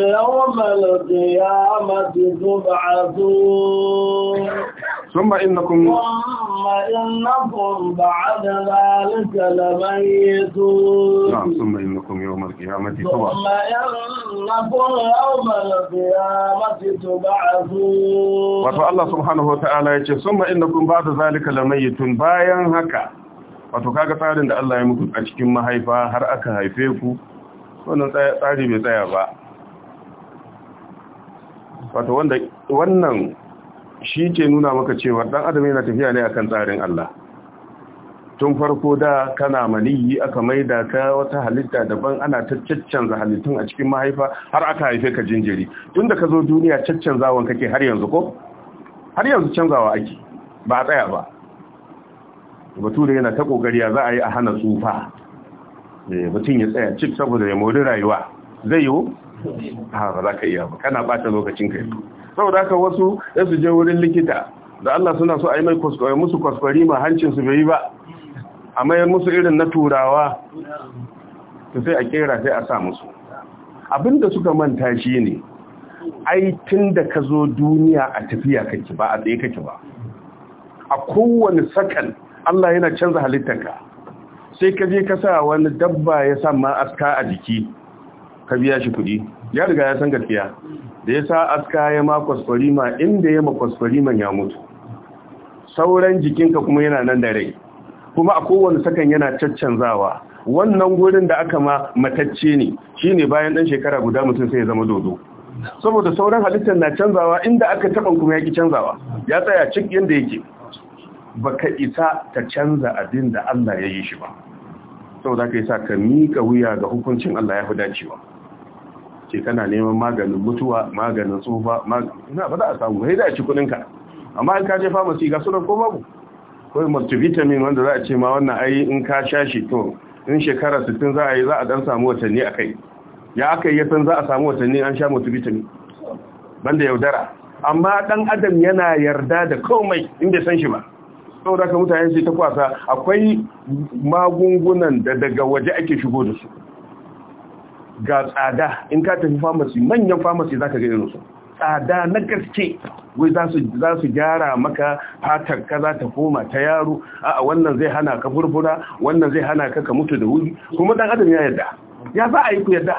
يوم القيامة تبعثون ثم إنكم ثم إنكم بعد ذلك لميتون نعم ثم إنكم يوم القيامة تبعثون ثم إنكم يوم القيامة تبعثون وتعالى الله سبحانه وتعالى يقول ثم إنكم بعد ذلك لميتون باين هكا wato kaga tsarin da Allah ya muku a cikin mahaifa har aka haife ku wannan tsari bai tsaya ba wato wanda wannan shi ke nuna maka cewa dan adam yana tafiya ne akan tsarin Allah tun farko da kana maniyi aka maida ka wata halitta daban ana ta caccanza halittun a cikin mahaifa har aka haife ka jinjiri tun da ka zo duniya caccanzawan kake har yanzu ko har yanzu canzawa ake ba a tsaya ba bature yana ta kokari ya za a yi a hana tsufa eh, mutum ya tsaya cik saboda ya mori rayuwa zai yiwu ah, ba za ka iya ba kana bata lokacin ka saboda haka wasu ya su je wurin likita da Allah suna so a yi mai musu kwaskwari, ma hancin su bai yi ba a mayar musu irin na turawa ta sai a kera sai a sa musu Abin da suka manta shi ne ai tun da ka zo duniya a tafiya kake ba a tsaye kake ba a kowane sakan Allah yana canza halittanka sai ka je ka sa wani dabba ya sa ma aska a jiki ka biya shi kuɗi ya riga ya san gaskiya da ya sa aska ya ma kwasfarima inda ya ma kwasfarima ya mutu sauran jikinka kuma yana nan da rai kuma a kowane sakan yana caccanzawa wannan gurin da aka ma matacce ne shine bayan ɗan shekara guda mutum sai ya zama dodo saboda sauran halittar na canzawa inda aka taɓa kuma ya ki canzawa ya tsaya cik yadda yake baka isa ta canza abin da Allah ya yi shi ba Sau da ka sa ka miƙa wuya ga hukuncin Allah ya fi dacewa ce kana neman maganin mutuwa maganin tsufa na ba za a samu sai da a ci amma in ka je pharmacy ga sunan ko babu ko multivitamin wanda za a ce ma wannan ai in ka sha shi to in shekara 60 za a yi za a dan samu watanni a kai. ya aka yi san za a samu watanni an sha multivitamin banda yaudara amma dan adam yana yarda da komai in bai san shi ba saboda ka mutane sai ta kwasa akwai magungunan da daga waje ake shigo da su ga tsada in ka tafi famasi manyan famasi za ka ga irinsu tsada na gaske wai za su gyara maka hatar ka za ta koma ta yaro a wannan zai hana ka burbura, wannan zai hana ka ka mutu da wuri kuma dan adam ya yadda, ya za a yi ku yadda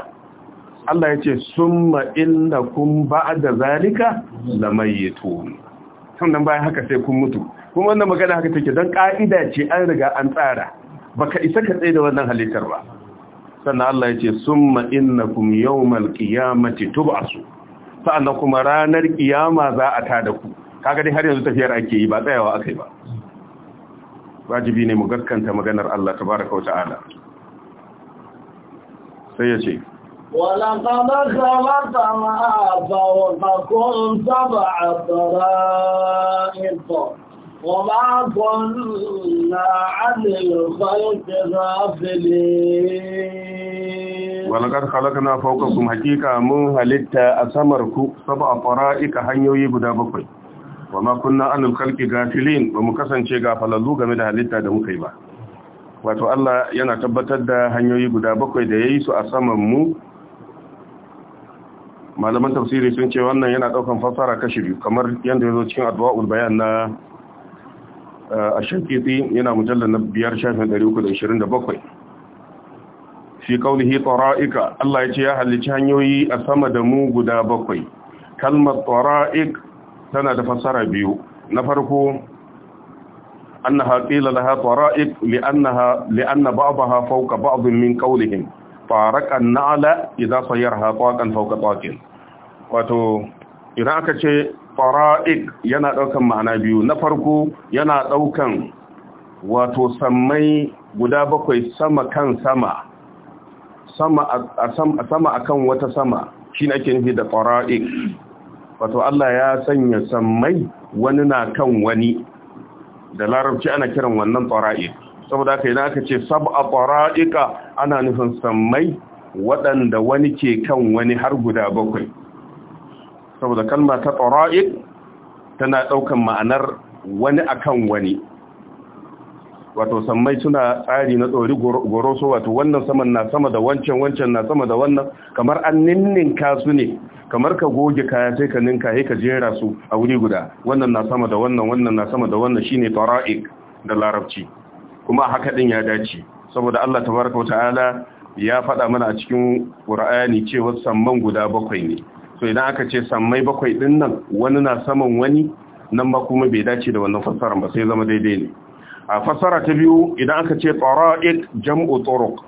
Allah ya ce summa innakum da zalika lamayitun sannan bayan haka sai kun mutu kuma wannan magana haka take don ƙa'ida ce an riga an tsara Ba ka isa ka tsaye da wannan halittar ba sannan Allah ya ce summa innakum yawmal qiyamati tub'asu sa'annan kuma ranar ƙiyama za a da ku kaga dai har yanzu tafiyar ake yi ba tsayawa yi ba wajibi ne mu gaskanta maganar Allah tabaaraka wa ala. sai ya ce Wa maza na amince zan sami nasu. Wa laka mun halitta a samar ku hanyoyi guda bakwai. Wa ma kunna anan kalki gafilin, ba mu kasance ga falalu game da halitta da mu kai ba. wato Allah yana tabbatar da hanyoyin guda bakwai da yayi su a saman mu? Malaman tafsirin sun ce wannan yana ɗaukar fasahar kashe biyu kamar yadda ya zo cikin addu'u bayan na. a shankiti yana mujallar na biyar shafin 327 fi kaunihi tsara'ika Allah ya ce ya halicci hanyoyi a sama da mu guda bakwai kalmar tsara'ik tana da fassara biyu na farko annaha qila ha tsara'ik ba'a li'anna fauka fawqa ba'd min qawlihim faraka na'la idza ha taqan fauka tsakin wato idan aka ce fara'iq yana ɗaukan ma'ana biyu na farko yana ɗaukan wato sammai guda bakwai sama kan sama sama a kan wata sama shi ake nufi da fara'iq wato Allah ya sanya sammai wani na kan wani da larabci ana kiran wannan fara'iq saboda yi na aka ce sab'a fara'iqa ana nufin sammai waɗanda wani ke kan wani har guda bakwai saboda kalma ta tsara'id tana ɗaukan ma'anar wani akan wani wato sammai suna tsari na tsori goroso wato wannan saman na sama da wancan wancan na sama da wannan kamar an ninninka su ne kamar ka goge kaya sai ka ninka sai ka jera su a wuri guda wannan na sama da wannan wannan na sama da wannan shine tara'iq da larabci kuma haka din ya dace saboda Allah tabaraka ta'ala ya faɗa mana a cikin Qur'ani cewa samman guda bakwai ne so idan aka ce sammai bakwai din nan wani na saman wani nan ba kuma bai dace da wannan fassara ba sai zama daidai ne a fassara ta biyu idan aka ce tsara'id jam'u turuq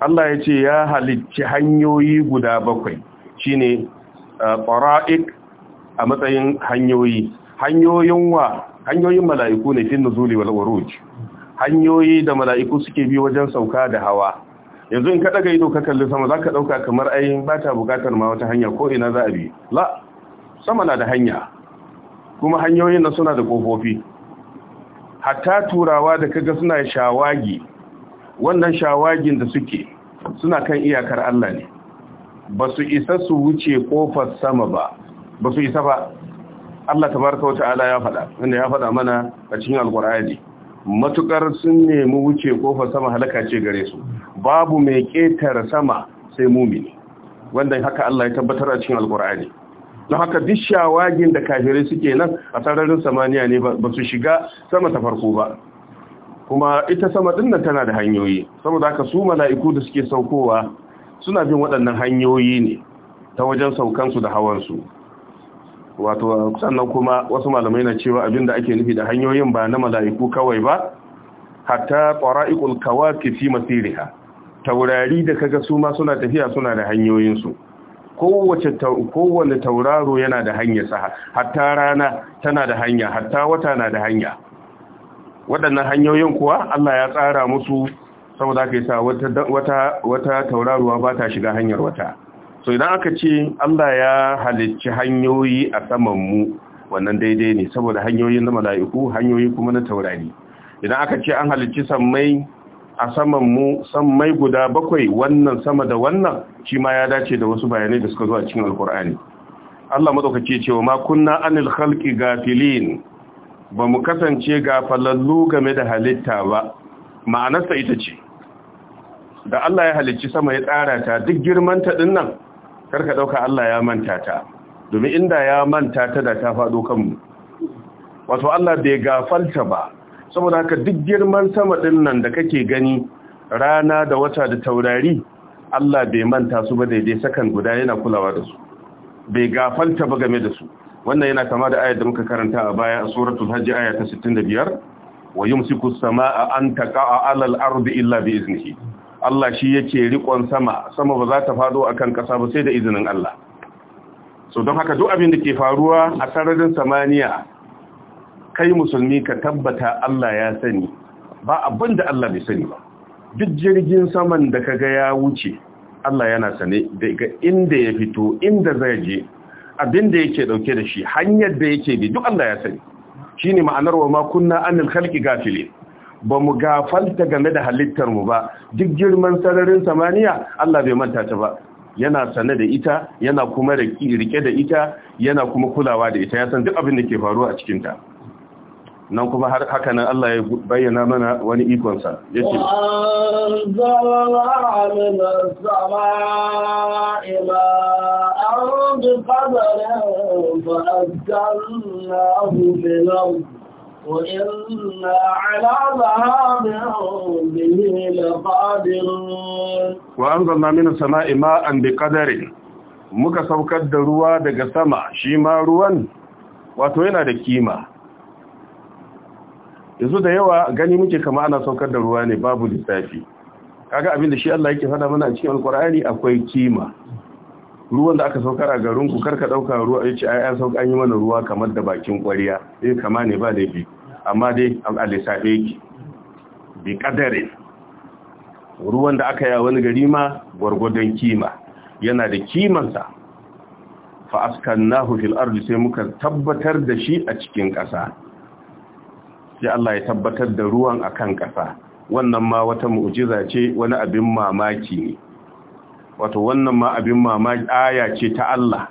Allah ya ce ya halicci hanyoyi guda bakwai shine tsara'id a matsayin hanyoyi hanyoyin wa hanyoyin mala'iku ne fin nuzuli wal wuruj hanyoyi da mala'iku suke bi wajen sauka da hawa yanzu in ka daga ido ka kalli sama za ka ɗauka, kamar ai ba ta bukatar ma wata hanya ko ina za a bi la sama na da hanya kuma hanyoyin na suna da kofofi hatta turawa da kaga suna shawagi wannan shawagin da suke suna kan iyakar Allah ne ba su isa su wuce kofar sama ba ba su isa ba Allah tabaraka wa ta'ala ya faɗa inda ya faɗa mana a cikin alqur'ani matukar sun nemi wuce kofar sama halaka ce gare su babu mai ƙetare sama sai mumini wanda haka Allah ya tabbatar a cikin alkur'ani don haka duk shawagin da kafirai suke nan a sararin samaniya ne ba su shiga sama ta farko ba kuma ita sama din nan tana da hanyoyi saboda haka su mala'iku da suke saukowa suna bin waɗannan hanyoyi ne ta wajen saukansu da hawansu wato sannan kuma wasu malamai na cewa abinda ake nufi da hanyoyin ba na mala'iku kawai ba hatta qara'iqul kawakib fi masiriha taurari da kaga su ma suna tafiya suna da hanyoyin su kowace kowanne tauraro yana da hanyar sa hatta rana tana da hanya hatta wata na da hanya waɗannan hanyoyin kuwa Allah ya tsara musu saboda kai sa wata wata wata tauraruwa ba ta shiga hanyar wata to idan aka ce Allah ya halicci hanyoyi a saman mu wannan daidai ne saboda hanyoyin na mala'iku hanyoyi kuma na taurari idan aka ce an halicci sammai a saman mu sammai guda bakwai wannan sama da wannan shi ma ya dace da wasu bayanai da suka zo a cikin alkur'ani Allah madaukake cewa ma kunna anil khalqi gafilin ba mu kasance gafalallu game da halitta ba ma'anarsa ita ce da Allah ya halicci sama ya tsara ta duk girman ta dinnan karka dauka Allah ya manta ta domin inda ya manta ta da ta faɗo mu wato Allah bai gafalta ba saboda haka duk girman sama din nan da kake gani rana da wata da taurari Allah bai manta su ba daidai sakan guda yana kulawa da su bai gafalta ba game da su wannan yana kama da ayar da muka karanta a baya a suratul hajji aya ta 65 wa yumsiku samaa an taqa'a 'alal ardi illa bi iznihi Allah shi yake riƙon sama sama ba za ta fado kan ƙasa ba sai da izinin Allah so don haka duk abin da ke faruwa a sararin samaniya kai musulmi ka tabbata Allah ya sani ba abin da Allah bai sani ba duk jirgin saman da ka ga ya wuce Allah yana sane daga inda ya fito inda zai je abin da yake dauke da shi hanyar da yake bi duk Allah ya sani shine ma'anar wa ma kunna anil khalqi gafilin ba mu gafalta game da halittar mu ba duk girman sararin samaniya Allah bai manta ta ba yana sane da ita yana kuma rike da ita yana kuma kulawa da ita ya san duk abin da ke faruwa a cikin ta nan kuma har haka nan Allah ya bayyana mana wani ikonsa ya ce Allahu وإنا على ذهاب به لقادرون وأنزلنا من السماء ماء muka saukar da ruwa daga sama shi ma ruwan wato yana da kima yanzu da yawa gani muke kama ana saukar da ruwa ne babu lissafi kaga abin da shi Allah yake faɗa mana a cikin alkur'ani akwai kima ruwan da aka saukar a garin ku karka ɗauka ruwa yace ai an sauka an yi mana ruwa kamar da bakin kwariya eh kama ne ba laifi amma dai a lissafe yake bi kadare ruwan da aka yi wani gari ma gwargwadon kima yana da kimansa fa askannahu fil ardi sai muka tabbatar da shi a cikin ƙasa sai Allah ya tabbatar da ruwan akan ƙasa wannan ma wata mu'jiza ce wani abin mamaki ne wato wannan ma abin mamaki aya ce ta Allah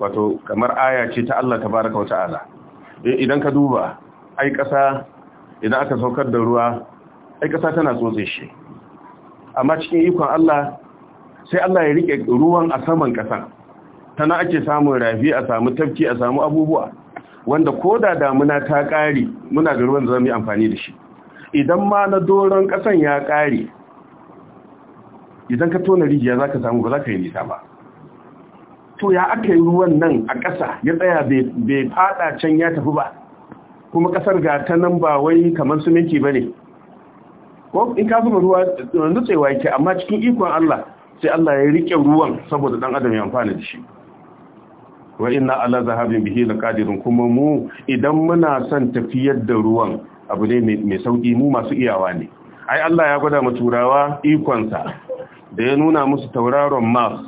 wato kamar aya ce ta Allah tabaraka wa ta'ala eh, idan ka duba ai ƙasa idan aka saukar da ruwa ai ƙasa tana tsotse shi amma cikin ikon Allah sai Allah ya rike ruwan a saman ƙasa tana ake samun rafi a samu tafki a samu abubuwa wanda ko da damuna ta ƙari muna da ruwan da zamu yi amfani da shi idan ma na doron ƙasan ya ƙare idan ka tona rijiya za ka samu ba za ka yi nisa ba to ya aka yi ruwan nan a ƙasa ya tsaya bai fada can ya tafi ba kuma kasar ga ta nan ba wai kamar suminti ba ne ko in ka zuba ruwa nutsewa yake amma cikin ikon Allah sai Allah ya rike ruwan saboda dan adam ya amfana da shi wa inna ala zahabin bihi laqadirun kuma mu idan muna son tafiyar da ruwan abu ne mai sauki mu masu iyawa ne ai Allah ya gwada mu turawa ikonsa da ya nuna musu tauraron Mars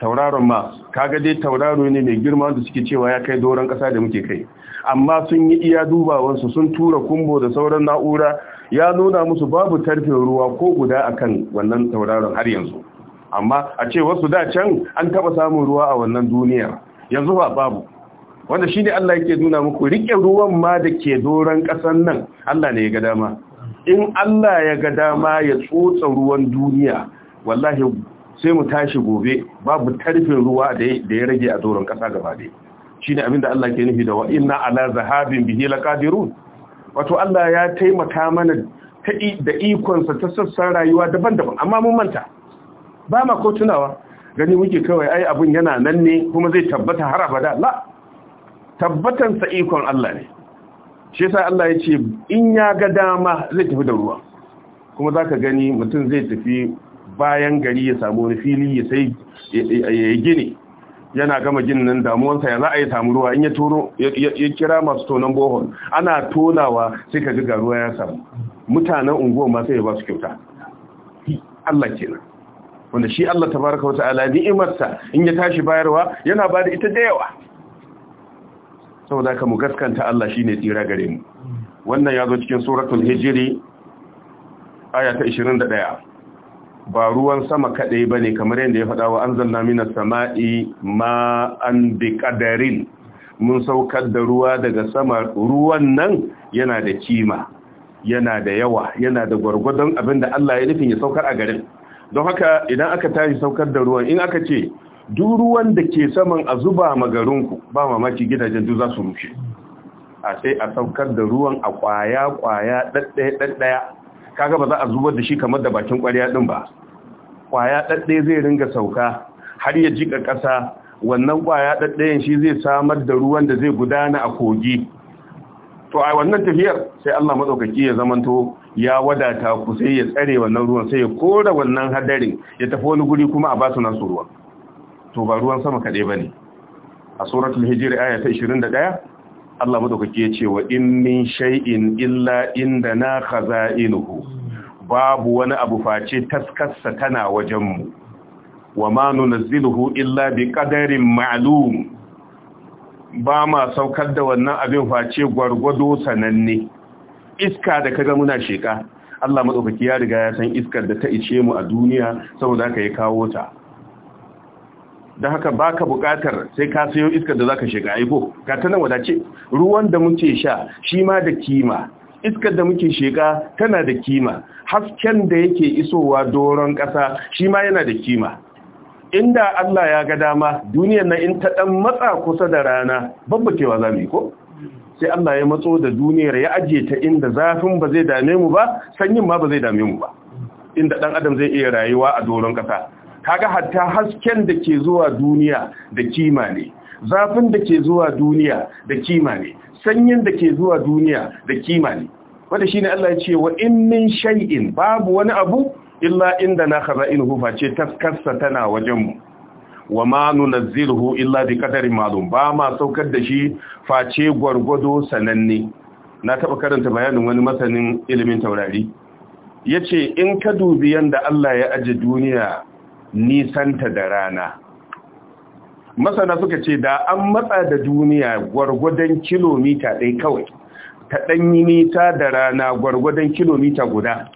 tauraron Mars kaga dai tauraro ne mai girma da suke cewa ya kai doron kasa da muke kai amma sun yi iya dubawansu sun tura kumbo da sauran na'ura ya nuna musu babu tarfin ruwa ko guda akan wannan tauraron har yanzu amma a ce wasu da can an taba samun ruwa a wannan duniya yanzu ba babu wanda shi ne Allah yake nuna muku rike ruwan ma da ke doron ƙasan nan Allah ne ya ga dama in Allah ya ga dama ya tsotsa ruwan duniya wallahi sai mu tashi gobe babu tarfin ruwa da ya rage a doron ƙasa gaba ɗaya shine abin da Allah ke nufi da wa inna ala zahabin bihi laqadirun wato Allah ya taimaka mana ta da ikonsa ta sassan rayuwa daban-daban amma mun manta ba ma ko tunawa gani muke kawai ai abun yana nan ne kuma zai tabbata har abada la tabbatan sa ikon Allah ne shi yasa Allah ya ce in ya ga dama zai tafi da ruwa kuma zaka gani mutum zai tafi bayan gari ya samu wani fili ya sai ya gine yana gama ginin nan damuwansa ya za a yi samu ruwa in ya turo ya kira masu tonon bohol ana tonawa sai ka ga ruwa ya samu mutanen unguwar ma sai ya ba su kyauta Allah kenan wanda shi Allah tabaraka wa ta'ala ni'imarsa in ya tashi bayarwa yana ba da ita da yawa saboda ka mu gaskanta Allah shine tsira gare mu wannan ya zo cikin suratul hijri aya ta 21 ba ruwan sama kaɗai ba ne kamar yadda ya faɗa wa anzalna minas sama'i ma'an ƙadarin. mun saukar da ruwa daga sama ruwan nan yana da kima yana da yawa yana da gwargwadon abinda Allah ya nufin ya saukar a garin don haka idan aka tashi saukar da ruwan in aka ce duk ruwan da ke saman a zuba magarinku ba mamaki gidajen duk za su rushe a sai a saukar da ruwan a kwaya kwaya ɗaɗɗaya ɗaɗɗaya kaga ba za a zubar da shi kamar da bakin kwariya din ba ƙwaya dadde zai ringa sauka har ya jika ƙasa wannan ƙwaya ɗaɗɗayan shi zai samar da ruwan da zai gudana a kogi to a wannan tafiyar sai Allah matsaukaki ya zamanto ya wadata ku sai ya tsare wannan ruwan sai ya kora wannan hadarin ya tafi wani guri kuma a ba su nasu ruwan to ba ruwan sama kaɗai bane ne a suratul hijr aya 21 Allah madaukaki ya ce wa in min shay'in illa inda na khaza'inuhu babu wani abu face taskarsa tana wajenmu wa ma nunazziluhu illa bi qadarin ma'lum ba ma saukar da wannan abin face gwargwado sananne iska da kaga muna sheka Allah madaukaki ya riga ya san iskar da ta ice mu a duniya saboda ka ya kawo ta da haka ba ka bukatar sai ka sayo iskar da za ka shiga aiko ka tana wadace ruwan da muke sha shi ma da kima iskar da muke shiga tana da kima hasken da yake isowa doron ƙasa shi ma yana da kima inda Allah ya ga dama duniyar na in ta dan matsa kusa da rana babba cewa za mu yi ko sai Allah ya matso da duniyar ya ajiye ta inda zafin ba zai dame mu ba sanyin ma ba zai dame mu ba inda dan adam zai iya rayuwa a doron ƙasa kaga hatta hasken da ke zuwa duniya da kima ne zafin da ke zuwa duniya da kima ne sanyin da ke zuwa duniya da kima ne wanda shine Allah ya ce wa in min shay'in babu wani abu illa inda na khaza'inuhu face taskarsa tana wajen mu wa ma nunazziluhu illa bi qadarin ma'lum ba ma saukar da shi face gwargwado sananne na taba karanta bayanin wani masanin ilimin taurari yace in ka dubi yanda Allah ya aje duniya nisanta da rana masana suka ce da an matsa da duniya gwargwadon kilomita ɗai kawai ta ɗanyi nita da rana gwargwadon kilomita guda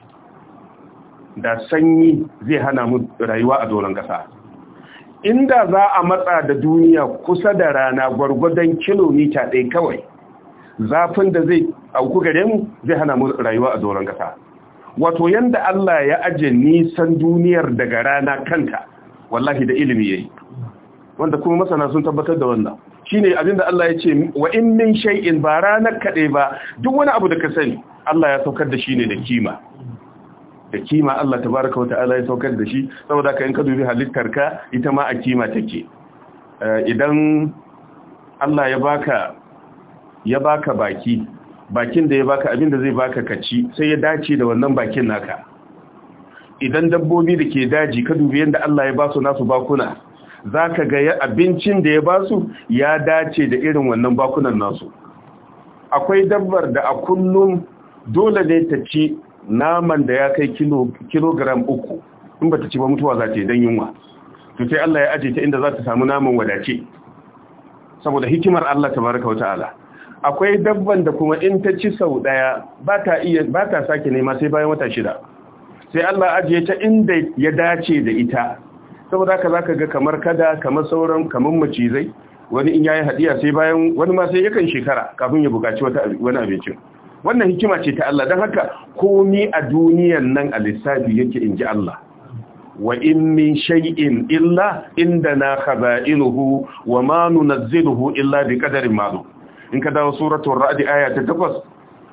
da sanyi zai hana mu rayuwa a doron ƙasa inda za a matsa da duniya kusa da rana gwargwadon kilomita ɗai kawai zafin da zai auku gare mu zai hana mu rayuwa a doron ƙasa wato yanda Allah ya aje nisan duniyar daga rana kanta wallahi da ilimi yayi wanda kuma masana sun tabbatar da wannan shine abinda Allah ya ce wa in min shay'in ba ranar kaɗai ba duk wani abu da ka sani Allah ya saukar da shi ne da kima da kima Allah tabaraka wa ta'ala ya saukar da shi saboda ka in ka dubi halittar ka ita ma a kima take eh, idan Allah ya baka ya baka baki bakin da ya baka abin da zai baka kaci sai ya dace da wannan bakin naka idan dabbobi da ke daji ka dubi yadda Allah ya basu nasu bakuna za ka ga abincin da ya basu ya dace da irin wannan bakunan nasu akwai dabbar da a kullum dole ne ta ci naman da ya kai kilogram uku in ba ta ci ba mutuwa za ta yi don yunwa to sai Allah ya aje ta inda za ta samu naman wadace saboda hikimar Allah ta baraka wata Allah akwai dabban da kuma in ta ci sau daya ba ta sake nema sai bayan wata shida sai Allah ajiye ta inda ya dace da ita saboda za zaka ga kamar kada kamar sauran kamar macizai wani in yayi hadiya sai bayan wani ma sai yakan shekara kafin ya bukaci wata wani abincin wannan hikima ce ta Allah don haka komi a duniyan nan a lissafi yake in ji Allah wa in min shay'in illa indana khaba'iluhu wa ma nunazziluhu illa bi qadarin ma'lum in ka dawo suratun ra'adi, aya ta takwas.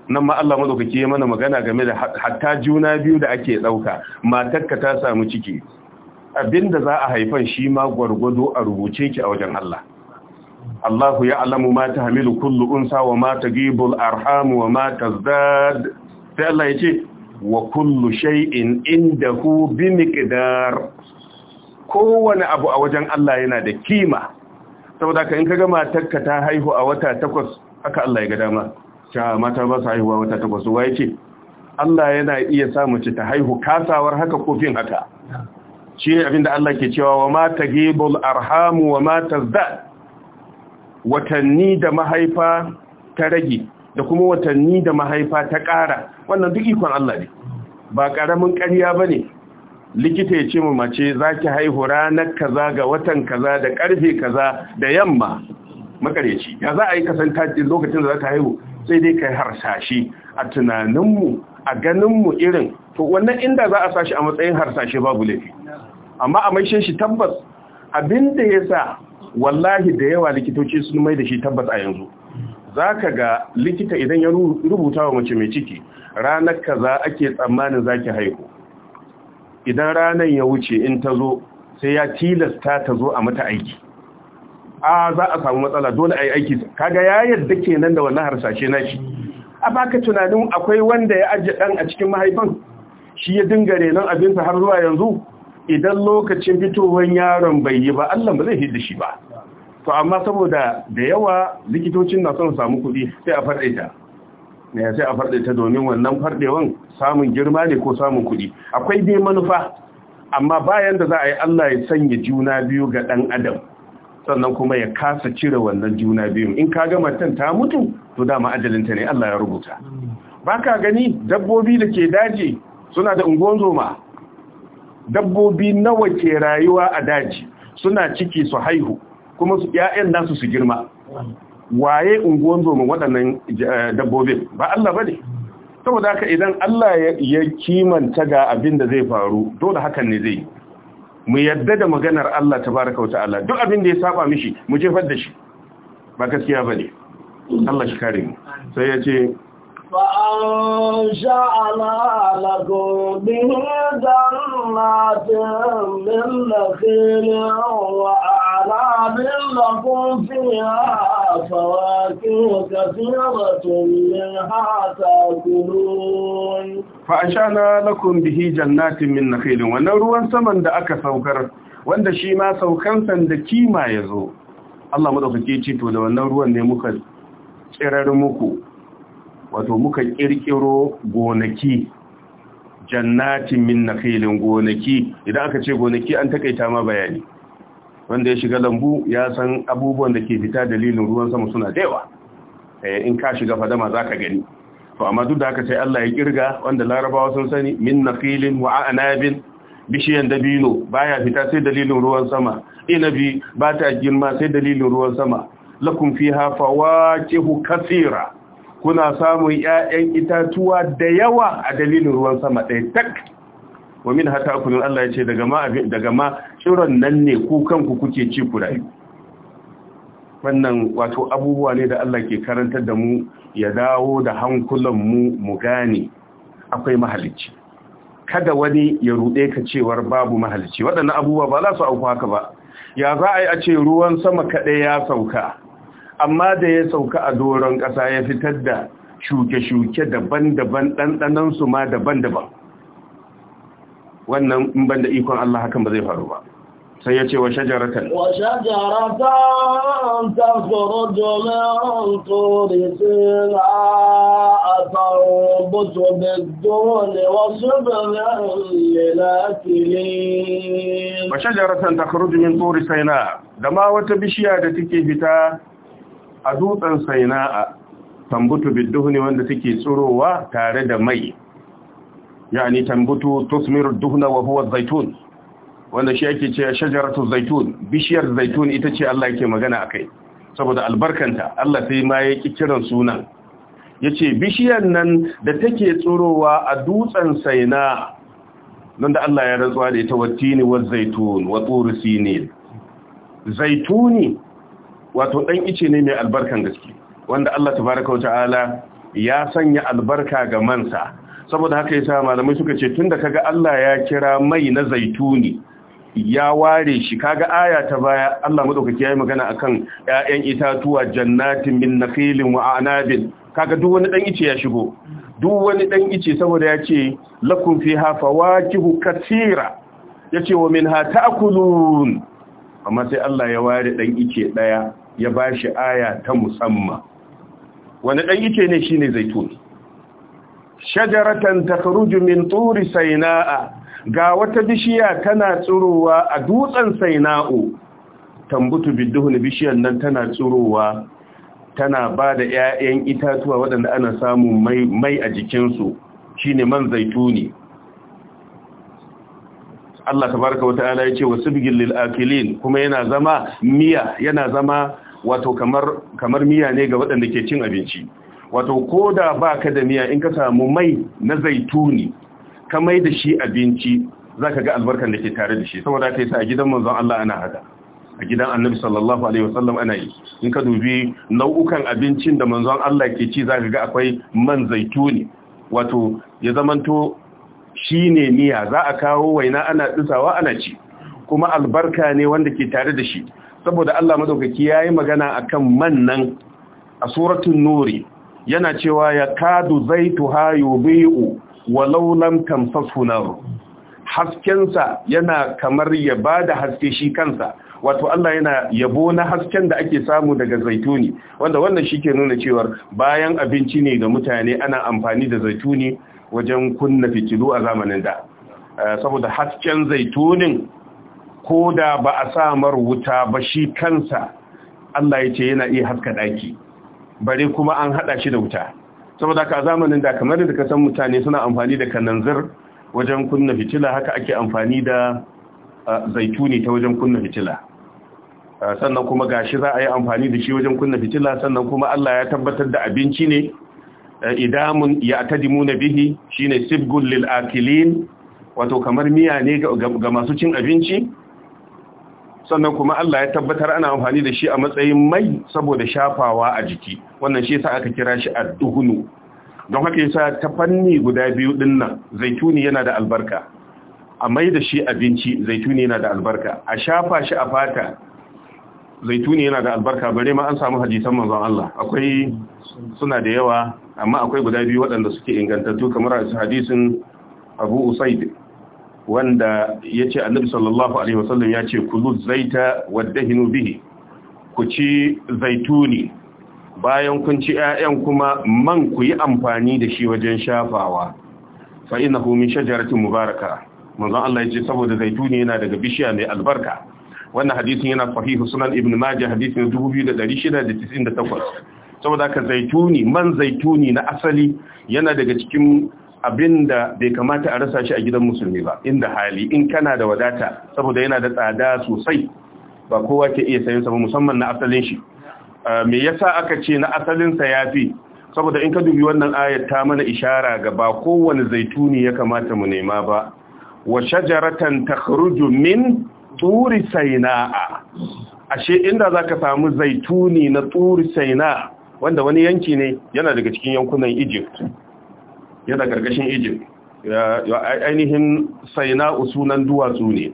nan ma Allah madaukaki ya mana magana game da hatta juna biyu da ake ɗauka matarka ta samu ciki abinda za a haifan shi ma gwargwado a rubuce ki a wajen Allah Allahu ya alamu ma ta hamilu kullu unsa wa ma ta gibul arhamu wa ma ta zdad sai Allah ya ce wa kullu shay'in indahu bi miqdar kowane abu a wajen Allah yana da kima saboda ka in ka gama takka ta haihu a wata takwas haka Allah ya ga dama sha mata ba su haihuwa wata takwas wa yake Allah yana iya sa mace ta haihu kasawar haka ko fin haka shi ne abinda Allah ke cewa wa ma taghibul arhamu wa ma tazdad watanni da mahaifa ta rage da kuma watanni da mahaifa ta ƙara wannan duk ikon Allah ne ba ƙaramin ƙarya bane likita ya ce mu mace za ki haihu ranar kaza ga watan kaza da karfe kaza da yamma makareci ya za a yi kasanta lokacin da za ta haihu sai dai kai harsashi a tunaninmu a ganinmu irin to wannan inda za a sashi a matsayin harsashi babu laifi amma a maishe shi tabbas abinda ya sa wallahi da yawa likitoci sun mai da shi tabbas a yanzu za ka ga likita idan ya rubuta wa mace mai ciki ranar kaza ake tsammanin za ki haihu idan ranar ya wuce in ta zo sai ya tilasta ta zo a mata aiki a za a samu matsala dole a yi aiki kaga ya yadda nan da wannan harsashe na shi a baka tunanin akwai wanda ya ajiye dan a cikin mahaifan shi ya dinga renon abinsa har zuwa yanzu idan lokacin fitowar yaron bai yi ba Allah ba zai hidda shi ba to amma saboda da yawa likitocin na son samu kuɗi sai a faɗaita ne sai a farɗe ta domin wannan farɗewan samun girma ne ko samun kuɗi akwai dai manufa amma bayan da za a yi Allah ya sanya juna biyu ga ɗan adam sannan kuma ya kasa cire wannan juna biyun in ka ga matan ta mutu to dama ajalinta ne Allah ya rubuta ba ka gani dabbobi da ke daji suna da unguwan dabbobi nawa ke rayuwa a daji suna ciki su haihu kuma su 'ya'yan nasu su girma waye unguwan zomin waɗannan eh, dabbobin ba Allah ba ne saboda haka idan Allah ya kimanta ga abin da zai faru dole hakan ne zai mu yadda da maganar Allah ta tabaraka wata'ala duk abin da ya saba mishi mu jefar da shi ba gaskiya ne. Allah shi kare mu sai ya ce Fa'anshana na kumbihi don natin binne filin, wa'ana binne ƙunfiya, wa na ruwan saman da aka saukar wanda shi ma saukar sanda kima ya zo. Allah maɗaukaki ce, to da wannan ruwan ne muka cirar muku. wato muka kirkiro gonaki jannatin min nakhilin gonaki idan aka ce gonaki an takaita ma bayani wanda ya shiga lambu ya san abubuwan da ke fita dalilin ruwan sama suna daiwa eh, in ka shiga fadama zaka gani to amma duk da aka ce Allah ya kirga wanda larabawa sun sani min nakhilin wa anabin bishiyan dabino baya fita sai dalilin ruwan sama inabi ba ta girma sai dalilin ruwan sama lakum fiha fawakihu kaseera kuna samun 'ya'yan itatuwa da yawa a dalilin ruwan sama ɗaya tak wa min hata Allah ya ce daga ma daga ma shirin nan ne ku kanku kuke ci ku rayu wannan wato abubuwa ne da Allah ke karantar da mu ya dawo da hankulan mu mu gane akwai mahalicci kada wani ya ruɗe ka cewar babu mahalicci waɗannan abubuwa ba za su auku haka ba ya za a yi a ce ruwan sama kaɗai ya sauka amma da ya sauka a doron ƙasa ya fitar da shuke-shuke daban-daban ɗanɗanansu ma daban-daban wannan in ban da ikon Allah hakan ba zai faru ba sai ya ce wa shajaratan wa shajaratan ta furu jolin turi sila a tarbutu da dole wasu bilin wa shajaratan ta furu domin turi sai na da ma wata bishiya da take fita a dutsen saina'a tambutu bidduhni wanda suke tsurowa tare da mai yani tambutu tusmiru duhna wa huwa zaitun wanda shi ake cewa shajaratu zaitun bishiyar zaitun ita ce Allah yake magana akai saboda albarkanta Allah sai ma ya kiran sunan yace bishiyar nan da take tsurowa a dutsen saina'a nan da Allah ya rantsuwa da ita wattini wa zaitun wa turi zaituni wato ɗan ice ne mai albarkan gaske wanda Allah tabaraka wa ya sanya albarka ga mansa saboda haka ya yasa malamai suka ce tun tunda kaga Allah ya kira mai na zaituni ya ware shi kaga aya ta baya Allah ya yi magana a kan 'ya'yan itatuwa jannatin min filin, wa anabin kaga duk wani ɗan ice ya shigo duk wani ɗan ice saboda ya ce fi lakum fiha fawakihu katira ce wa minha ta'kulun amma sai Allah ya ware ɗan ice ɗaya ya ba shi aya ta musamman wani ɗan yake ne shi shine zaituni shajaratan takhruju min turi sainaa ga wata bishiya tana tsurowa a dutsen saina'u tambutu biduhun bishiyar nan tana tsurowa tana ba da 'ya'yan itatuwa waɗanda ana samun mai a jikinsu shi ne man zaituni Allah tabaraka wata ala ya ce wasu sibgin lil'akilin kuma yana zama miya yana zama wato kamar kamar miya ne ga waɗanda ke cin abinci wato ko da baka da miya in ka samu mai na zaituni ka mai da shi abinci zaka ga albarkan da ke tare da shi saboda kai sa a gidan manzon Allah ana haka a gidan Annabi sallallahu alaihi wasallam ana yi in ka dubi nau'ukan abincin da manzon Allah ke ci zaka ga akwai man zaituni wato ya zamanto shine miya za a kawo waina ana dusawa ana ci kuma albarka ne wanda ke tare da shi saboda Allah madaukaki yi magana akan man nan a suratul nuri yana cewa ya kadu zaituha yubiu walau lam tamsasu nar haskensa yana kamar ya ba da haske shi kansa wato Allah yana yabo na hasken da ake samu daga zaituni wanda wannan shike nuna cewa bayan abinci ne ga mutane ana amfani da zaituni wajen kunna fitilu a zamanin da eh, saboda hasken zaitunin ko da ba a samar wuta ba shi kansa Allah ya ce yana iya haska daki. bare kuma an haɗa shi da wuta saboda ka zamanin da kamar da ka san mutane suna amfani da kananzir wajen kunna fitila haka ake amfani da zaituni ta wajen kunna fitila sannan kuma gashi za a yi amfani da shi wajen kunna fitila sannan kuma Allah ya tabbatar da abinci ne idamun ya tadimu na bihi shine sibgul lil akilin wato kamar miya ne ga masu cin abinci sannan kuma Allah ya tabbatar ana amfani da shi a matsayin mai saboda shafawa a jiki wannan shi sa aka kira shi adduhunu don haka yasa ta fanni guda biyu din nan zaituni yana da albarka a mai da shi abinci zaituni yana da albarka a shafa shi a fata zaituni yana da albarka bare ma an samu hadisan manzon Allah akwai suna da yawa amma akwai guda biyu waɗanda suke ingantattu kamar hadisin Abu Usaid wanda ya ce annabi sallallahu alaihi wasallam ya ce ku zaita hinu bihi ku ci zaituni bayan kun ci 'ya'yan kuma man ku yi amfani da shi wajen shafawa fa innahu min shajaratin mubaraka manzon Allah ya ce saboda zaituni yana daga bishiya mai albarka wannan hadisin yana sahihu sunan ibn majah hadisin 2698 saboda ka zaituni man zaituni na asali yana daga cikin abinda bai kamata a rasa shi a gidan musulmi ba inda hali in kana da wadata saboda yana da tsada sosai ba kowa ke iya sayan sa musamman na asalin shi ah, me yasa aka ce na asalin sa yafi saboda in ka dubi wannan ayat ta mana ishara ga ba kowane zaituni ya kamata mu nema ba wa shajaratan takhruju min turi sainaa ashe inda zaka samu zaituni na turi sainaa wanda wani yanki ne yana daga cikin yankunan Egypt yana gargashin egypt ainihin saina usunan duwatsu ne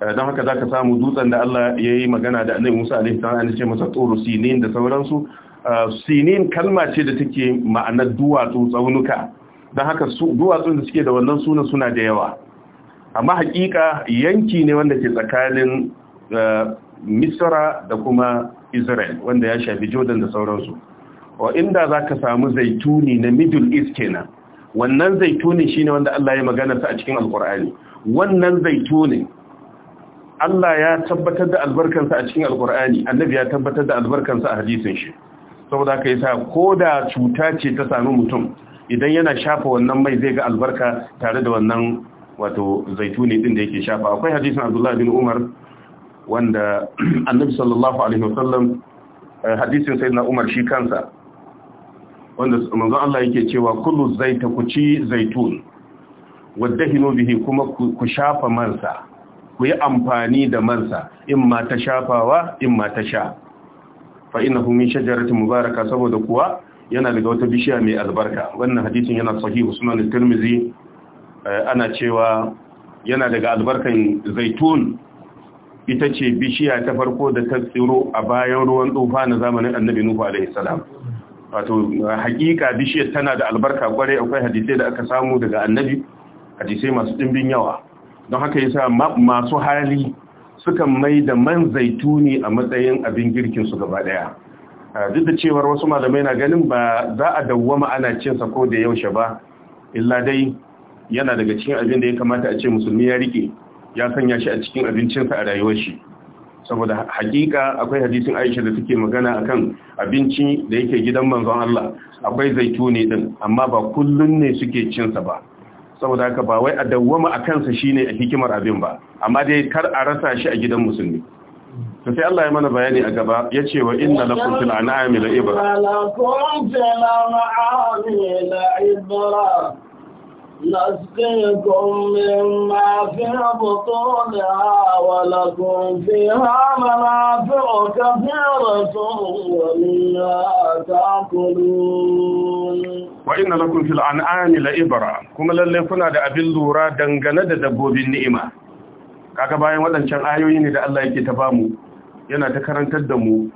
eh, don haka za ka samu dutsen da allah ya yi magana da annabi musa alaihi salam ce masa tsoro sinin da sauransu eh, sinin kalma ce da take ma'anar duwatsu tsaunuka don haka duwatsu da suke da wannan suna suna da yawa amma hakika yanki ne wanda ke tsakanin eh, misra da kuma israel wanda ya shafi jordan da sauransu wa inda za ka samu zaituni na middle east kenan wannan zaitunin shine wanda Allah ya magana sa a cikin alqur'ani wannan zaitunin Allah ya tabbatar da albarkansa a cikin alqur'ani annabi ya tabbatar da albarkansa a hadisin shi saboda haka yasa koda cuta ce ta sami mutum idan yana shafa wannan mai zai ga albarka tare da wannan wato zaituni din da yake shafa akwai hadisin Abdullah bin Umar wanda annabi sallallahu alaihi wasallam eh, hadisin sayyidina Umar shi kansa wanda manzo Allah yake cewa kullu zaita ku ci zaitun wadahinu bihi kuma ku shafa mansa ku yi amfani da mansa in ma ta shafawa in ma ta sha fa innahu min shajaratin mubaraka saboda kuwa yana daga wata bishiya mai albarka wannan hadisin yana sahihu sunan tirmizi eh, ana cewa yana daga albarkan zaitun ita ce bishiya ta farko da ta tsiro a bayan ruwan tsufa na zamanin annabi nuhu alaihi salam wato hakika bishiyar tana da albarka kwarai akwai hadisai da aka samu daga annabi hadisai masu dimbin yawa don haka yasa masu hali suka mai da man zaituni a matsayin abin girkin su gaba daya duk da cewar wasu malamai na ganin ba za a dawwama ana cin sa ko da yaushe ba illa dai yana daga cikin abin da ya kamata a ce musulmi ya rike ya sanya shi a cikin abincinsa a rayuwar shi saboda hakika akwai hadisin Aisha da suke magana akan abinci da yake gidan manzon Allah akwai zaituni din amma ba kullun ne suke cin sa ba saboda haka ba wai a dawwama a kansa shine a hikimar abin ba amma dai kar a rasa shi a gidan musulmi to sai Allah ya mana bayani a gaba yace wa inna lakum fil an'ami la ibra نسقيكم مما في بطونها ولكم فيها منافع كثيرة ومنها تأكلون وإن لكم في الأنعام لإبرة كما للي kuna da أبي lura, dangane da دبوب النئمة kaga bayan waɗancan ayoyi ne da Allah yake ta bamu yana ta karantar da mu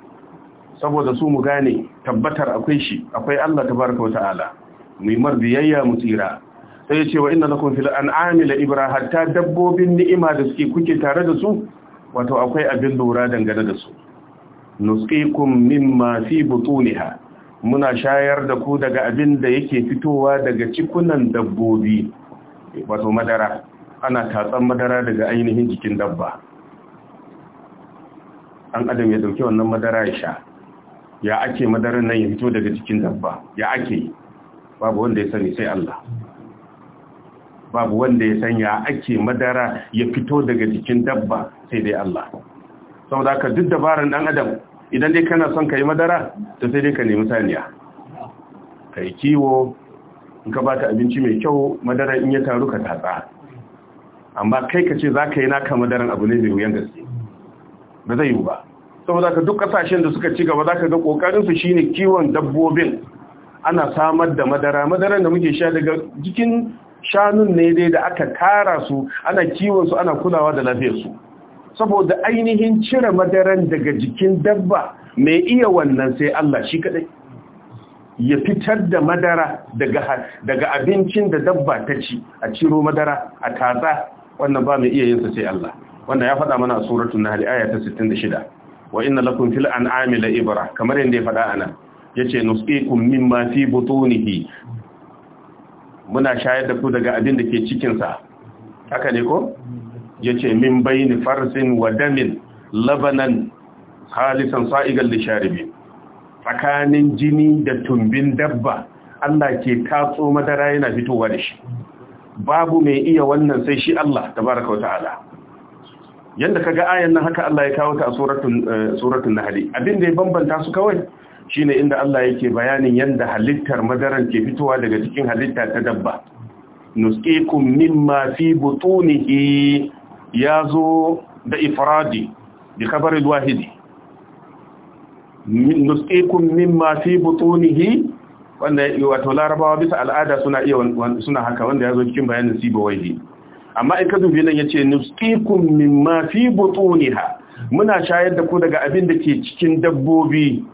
saboda su mu gane tabbatar akwai shi akwai Allah tabaraka wa ta'ala mu yi mar biyayya mu tsira sai ce wa inna lakum fil an'ami la ibra hatta dabbobin ni'ima da suke kuke tare da su wato akwai abin lura dangane da su nusqikum mimma fi butuniha muna shayar da ku daga abin da yake fitowa daga cikunan dabbobi wato madara ana tatsan madara daga ainihin jikin dabba an adam ya dauki wannan madara ya sha ya ake madara nan ya fito daga jikin dabba ya ake babu wanda ya sani sai Allah babu wanda ya sanya ake madara ya fito daga jikin dabba sai dai Allah saboda haka duk dabaran ɗan adam idan dai kana son ka yi madara to sai dai ka nemi saniya ka yi kiwo in ka bata abinci mai kyau madara in ya taru ka tatsa amma kai ka ce za ka yi naka madaran abu ne mai wuyan gaske ba zai yiwu ba saboda ka duk kasashen da suka ci gaba za ka ga kokarinsu shine kiwon dabbobin ana samar da madara madaran da muke sha daga jikin shanun ne dai da aka kara su ana kiwon su ana kulawa da lafiyarsu saboda ainihin cire madaran daga jikin dabba mai iya wannan sai Allah shi kadai ya fitar da madara daga abincin da dabba ta ci a ciro madara a tatsa wannan ba mai iya yin sa sai Allah wannan ya faɗa mana a suratul nahl aya ta 66 wa inna lakum fil an'ami la ibra kamar yadda ya faɗa anan yace nusqikum mimma fi butunihi muna shayar da ku daga abin da ke cikinsa haka ne ko ya ce min bayani farsin wa damin labanan halisan sa'igar da sharibi tsakanin jini da tumbin dabba Allah ke tatso madara yana fitowa da shi babu mai iya wannan sai shi Allah tabaraka wa ta'ala yanda kaga ayan nan haka Allah ya kawo ta a suratun eh, suratul nahl abin da ya bambanta su kawai shine inda Allah yake bayanin yanda halittar madaran ke fitowa daga cikin halitta ta dabba nusqikum mimma fi butunihi yazo da ifradi bi khabar alwahidi nusqikum mimma fi butunihi wanda wato larabawa bisa al'ada suna iya suna haka wanda yazo cikin bayanin sibawaihi amma in ka dubi nan yace nusqikum mimma fi ha, muna shayar da ku daga abin da ke cikin dabbobi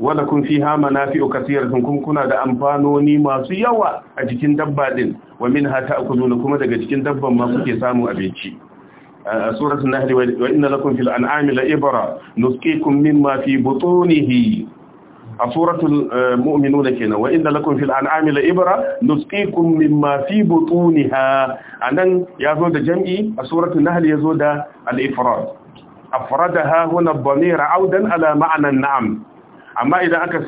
wala kun fi hama na fi okasiyaratun kun kuna da amfanoni masu yawa a jikin dabba din wa min hata a kuzuna kuma daga jikin dabban ma kuke samu abinci a suratun nahari wa ina lakum fil an'ami la ibra nusqikum ma fi butunihi a suratul e, mu'minuna kenan wa ina lakum fil an'ami la ibra nusqikum ma fi A nan ya zo da jam'i a suratul ya zo da al-ifrad afradaha huna dhamira audan ala ma'anan na'am amma idan aka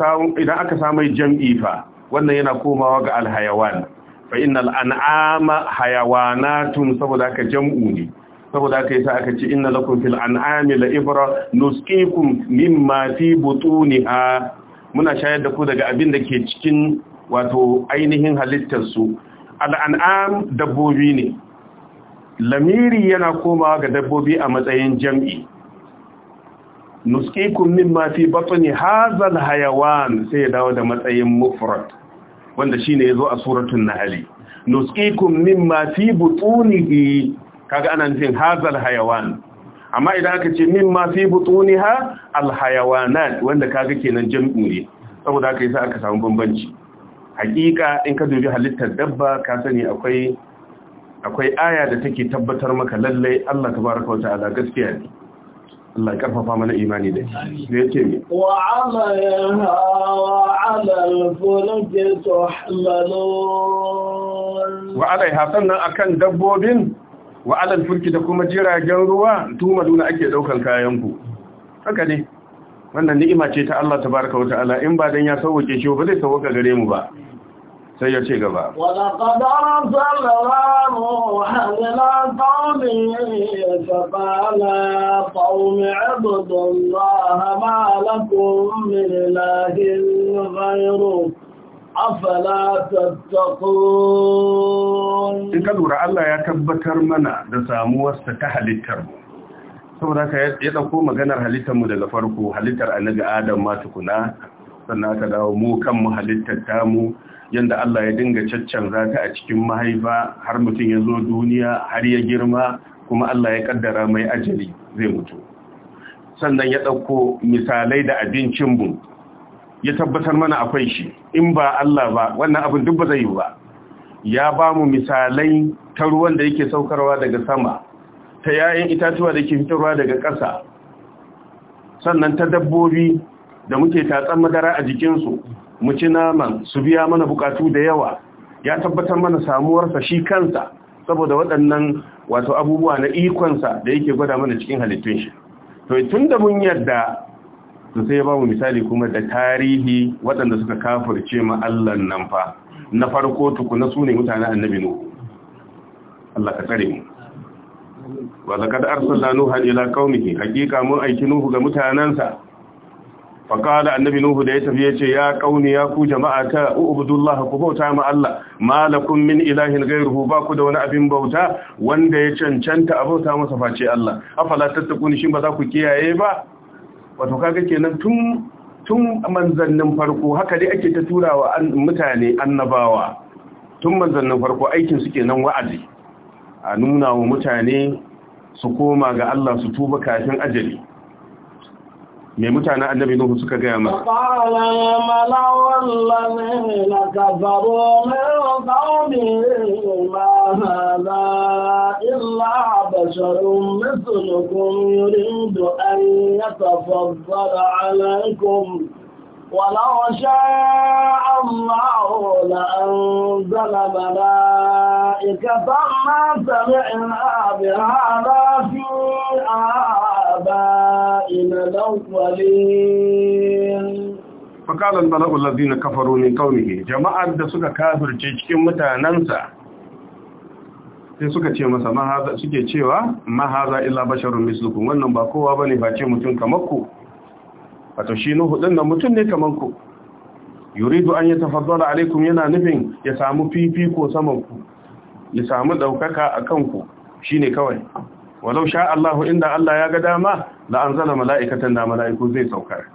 samu idan jam'i fa wannan yana komawa ga alhayawan fa innal an'ama hayawanatun saboda ka jam'u ne saboda aka yi sa aka ce inna lakum fil an'ami la ibra nusqikum mimma fi butuniha muna shayar da ku daga abin da ke cikin wato ainihin halittar su al'an'am dabbobi ne lamiri yana komawa ga dabbobi a matsayin jam'i nusqikum mimma fi batni hazal hayawan sai ya dawo da matsayin mufrad wanda shine yazo a suratul nahl min mimma fi butunihi kaga ana nufin hazal hayawan amma idan aka ce mimma fi butuniha al hayawanat wanda kaga kenan jam'u ne saboda haka yasa aka samu bambanci hakika in ka dubi halittar dabba ka sani akwai akwai aya da take tabbatar maka lallai Allah tabaraka wa ta'ala gaskiya ne Allah karfafa mana imani da shi yake mi wa alaiha wa alaiha sannan akan dabbobin wa ala al da kuma jiragen ruwa duna ake ɗaukar kayan ku haka ne wannan ni'ima ce ta Allah tabaraka wata ta'ala in ba dan ya sauke shi ba zai sauka gare mu ba sai ya ce gaba ولقد أرسلنا نوحا إلى قومه فقال قوم اعبدوا الله ما لكم من إله غيره afala tattakun in ka lura Allah ya tabbatar mana da samuwarsa ta halittar mu saboda ka ya dauko maganar halittar mu daga farko halittar annabi Adam ma tukuna sannan ka dawo mu kan mu halittar mu yadda Allah ya dinga caccanza ta a cikin mahaifa har mutum ya zo duniya har ya girma kuma Allah ya kaddara mai ajali zai mutu sannan ya ɗauko misalai da abincin mu ya tabbatar mana akwai shi in ba Allah ba wannan abin duk ba zai yi ba ya ba mu misalai ta ruwan da yake saukarwa daga sama ta yayin itatuwa da ke fitarwa daga ƙasa sannan ta dabbobi da muke tatsan madara a jikinsu mu ci naman su biya mana bukatu da yawa ya tabbatar mana samuwarsa shi kansa saboda waɗannan wato abubuwa na ikonsa da yake gwada mana cikin halittun shi to tun da mun yarda to sai ya ba mu misali kuma da tarihi waɗanda suka kafirce mu Allah nan fa na farko tukuna na sune mutanen annabi nuhu Allah ka tsare mu wa laqad arsalna nuha ila qaumihi haqiqa mun aiki nuhu ga mutanansa faƙala annabi nuhu da ya tafi ya ce ya ƙauni ya ku jama'a ta ubudullah ku bauta ma Allah malakun min ilahin gairuhu ba ku da wani abin bauta wanda ya cancanta a bauta masa face Allah afala tattakuni shin ba za ku kiyaye ba wato kaga kenan tun tun manzannin farko haka dai ake ta turawa mutane annabawa tun manzannin farko aikin su kenan wa'azi a nuna wa mutane su koma ga Allah su tuba kafin ajali me mutanen annabi nuhu suka gaya masa qala ya malaw allazina kafaru min qawmihi ma hadha illa basharun mithlukum yuridu an yatafaddala alaykum ولو شاء الله لأنزل ملائكة ما سمعنا بهذا في آه آبائنا الأولين فقال zina الذين كفروا من قومه جماعة da suka kafirce cikin mutanensa. sai suka ce masa mahaza suke cewa mahaza illa basharun mislukum wannan ba kowa bane ce mutum kamar ku wato shi nuhu din nan mutum ne kamar ku yuridu an yatafaddala alaikum yana nufin ya samu fifiko saman ku ya samu daukaka akan ku shine kawai walau sha Allahu inda Allah ya ga dama la anzala mala'ikatan da mala'iku zai saukar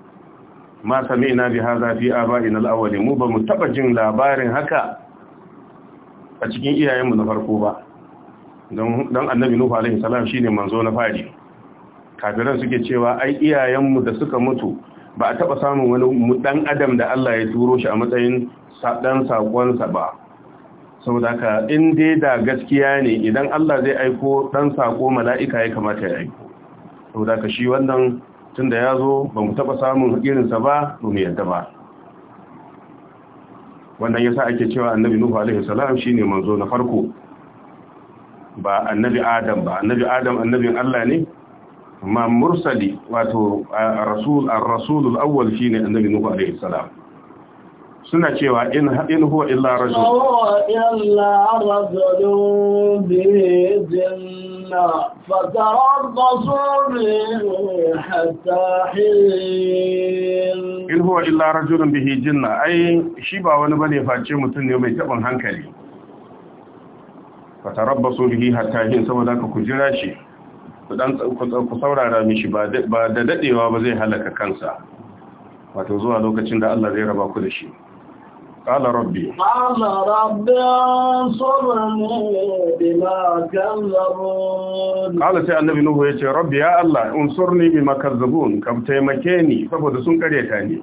ma sami'na bi hadha fi aba'ina al-awwalin mu ba mu taba jin labarin haka a cikin iyayenmu na farko ba don annabi nuhu alaihi salam shine manzo na fari kafiran suke cewa ai iyayenmu da suka mutu ba a taba samun wani dan adam da Allah ya turo shi a matsayin dan sakonsa ba saboda ka in dai da gaskiya ne idan Allah zai aiko dan sako mala'ika ya kamata ya aiko saboda ka shi wannan tunda ya zo ba mu taba samun irinsa ba to me yadda ba wannan yasa ake cewa annabi nuhu alaihi salam shine manzo na farko ba annabi adam ba annabi adam annabin Allah ne amma mursali wato rasul ar-rasul al-awwal shine annabi nuhu alaihi salam suna cewa in in huwa illa rajul illa rajulun bi jinna fatarabbasu bihi hatta hin in huwa illa rajulun bihi jinna ai shi ba wani bane face mutum ne mai tabin hankali fatarabbasu bihi hatta hin saboda ka ku jira shi ku saurara mishi ba da dadewa ba zai halaka kansa wato zuwa lokacin da Allah zai raba ku da shi قال ربي قال ربي انصرني بما كذبون قال سي النبي نوح يتي ربي يا الله انصرني بما كذبون كم saboda sun kareta ni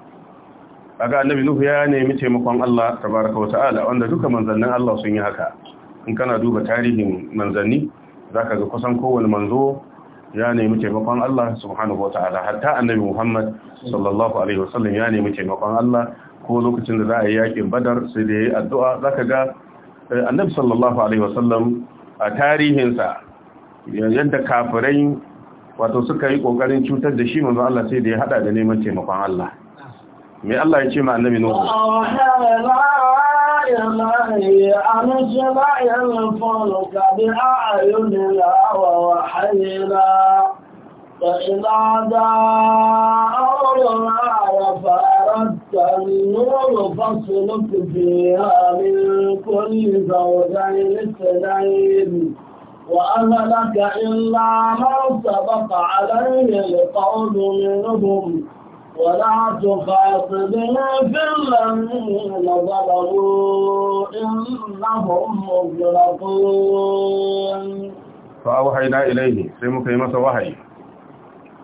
kaga annabi nuhu ya nemi taimakon Allah tabaraka wa ta'ala wanda duka manzannin Allah sun yi haka in kana duba tarihin manzanni zaka ga kusan kowane manzo ya nemi taimakon Allah subhanahu wa ta'ala hatta annabi Muhammad sallallahu alaihi wasallam ya nemi taimakon Allah ko lokacin da za a yi yakin badar sai da ya yi addu'a za ka ga eh, annabi sallallahu alaihi wasallam a tarihinsa yadda kafirai wato suka yi ƙoƙarin cutar da shi mazu Allah sai da ya hada da neman taimakon Allah mai Allah ya ce ma annabi nuhu أنزل فإذا جاء أمرنا فأردت النور فاصلك فيها من كل زوجين اثنين وأهلك إلا ما سبق عليه القول منهم ولا تخاطبنا في الذين ظلموا إنهم مغرقون فأوحينا إليه سيمك مس وحي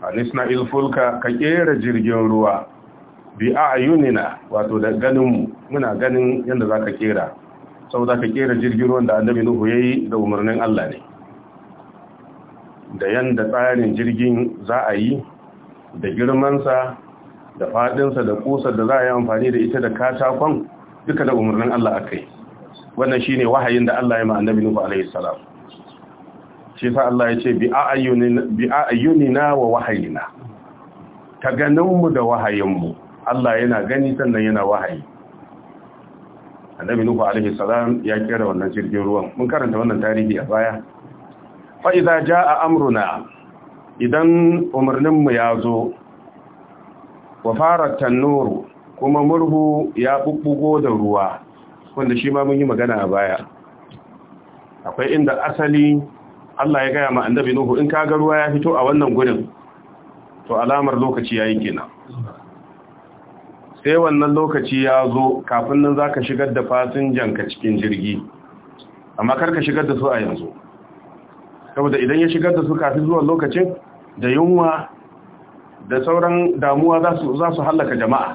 anisna Fulka ka kera jirgin ruwa bi ayunina wato da ganinmu muna ganin yadda za ka kera sau za ka kera jirgin ruwan da annabi nuhu ya yi da umarnin Allah ne da yadda tsarin jirgin za a yi da girmansa da fadinsa da kusa da za a yi amfani da ita da katakon duka da umarnin Allah akai wannan shi ne wahayin da Allah ya ma annabi nuhu alaihi shi sa Allah ya ce bi ayyunina wa wahayina ta ganinmu da wahayinmu Allah yana gani sannan yana wahayi annabi nuhu alaihi salam ya kera wannan jirgin ruwan mun karanta wannan tarihi a baya fa idza jaa amruna idan umarninmu ya zo wa farat tanuru kuma murhu ya bubbugo da ruwa wanda shi ma mun yi magana a baya akwai inda asali Allah ya gaya ma annabi Nuhu in ka ga ruwa ya fito a wannan gurin to alamar lokaci yayi kenan sai wannan lokaci ya zo kafin nan zaka shigar da fasinjan ka cikin jirgi amma kar ka shigar da su a yanzu saboda idan ya shigar da su kafin zuwan lokacin da yunwa da sauran damuwa za su za su halaka jama'a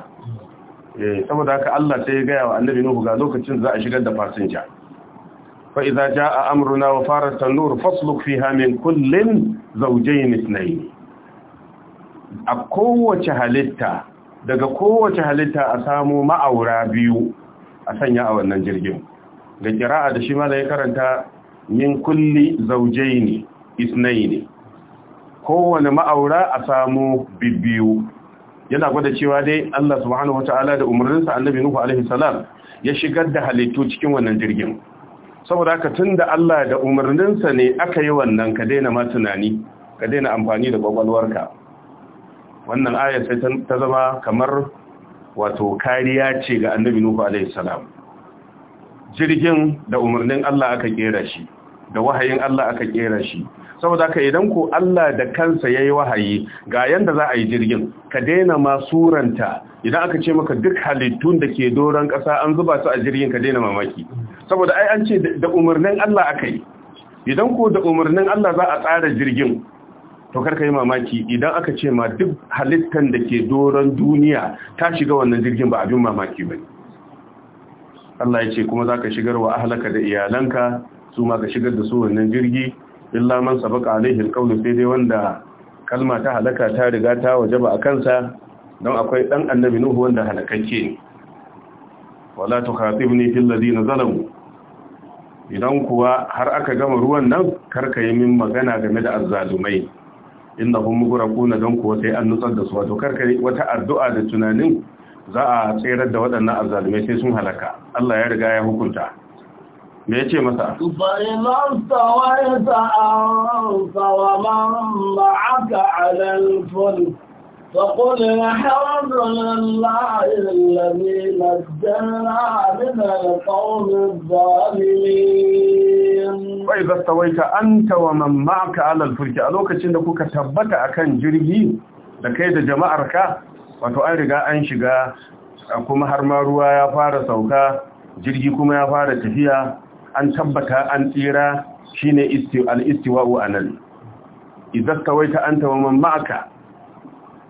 eh saboda haka Allah sai ya gaya wa annabi Nuhu ga lokacin za a shigar da fasinja فإذا جاء أمرنا وفار النور فاصلق فيها من كل زوجين اثنين أقوة حالتا دقا قوة حالتا أسامو ما أورا بيو a sanya a wannan jirgin da kira'a da shi mala ya karanta min kulli zaujaini isnaini kowane ma'aura a samu bibbiyu yana gwada cewa dai Allah subhanahu wa ta'ala da umarninsa annabi Nuhu alaihi salam ya shigar da halittu cikin wannan jirgin saboda haka tun da Allah da umarninsa ne aka yi wannan ka daina ma tunani ka daina amfani da kwakwalwarka wannan aya sai ta zama kamar wato kariya ce ga annabi nuhu alaihi salam jirgin da umarnin Allah aka kera shi da wahayin Allah aka kera shi saboda ka idan ku Allah da kansa yayi wahayi ga yanda za a yi jirgin ka daina ma suranta idan aka ce maka duk halittun da ke doron ƙasa an zuba su a jirgin ka daina mamaki saboda ai an ce da umarnin Allah akai idan ko da umarnin Allah za a tsara jirgin to karka yi mamaki idan aka ce ma duk halittan da ke doron duniya ta shiga wannan jirgin ba abin mamaki ba Allah ya ce kuma za ka shigar wa ahalaka da iyalanka su ma ka shigar da su wannan jirgi illa man sabaka alaihi alqawlu sai dai wanda kalma ta halaka ta riga ta wajaba a kansa don akwai dan annabi nuhu wanda halakakke ne wala tukhatibni fil ladina zalamu idan kuwa har aka gama ruwan nan karka yi min magana game da azzalumai innahum mughraquna don kuwa sai an nutsar da su wato karka wata addu'a da tunanin za a tserar da waɗannan azzalumai sai sun halaka Allah ya riga ya hukunta me ce masa fa'ilan tawaita an sawaman ma'aka alal man ma'aka الحمد لله a lokacin da kuka tabbata وإذا jirgi da kai da jama'arka wato an riga an shiga kuma har ma ruwa ya fara sauka jirgi kuma ya fara tafiya an tabbata an tsira shine a nan. anan idan ta anta wa man ma'aka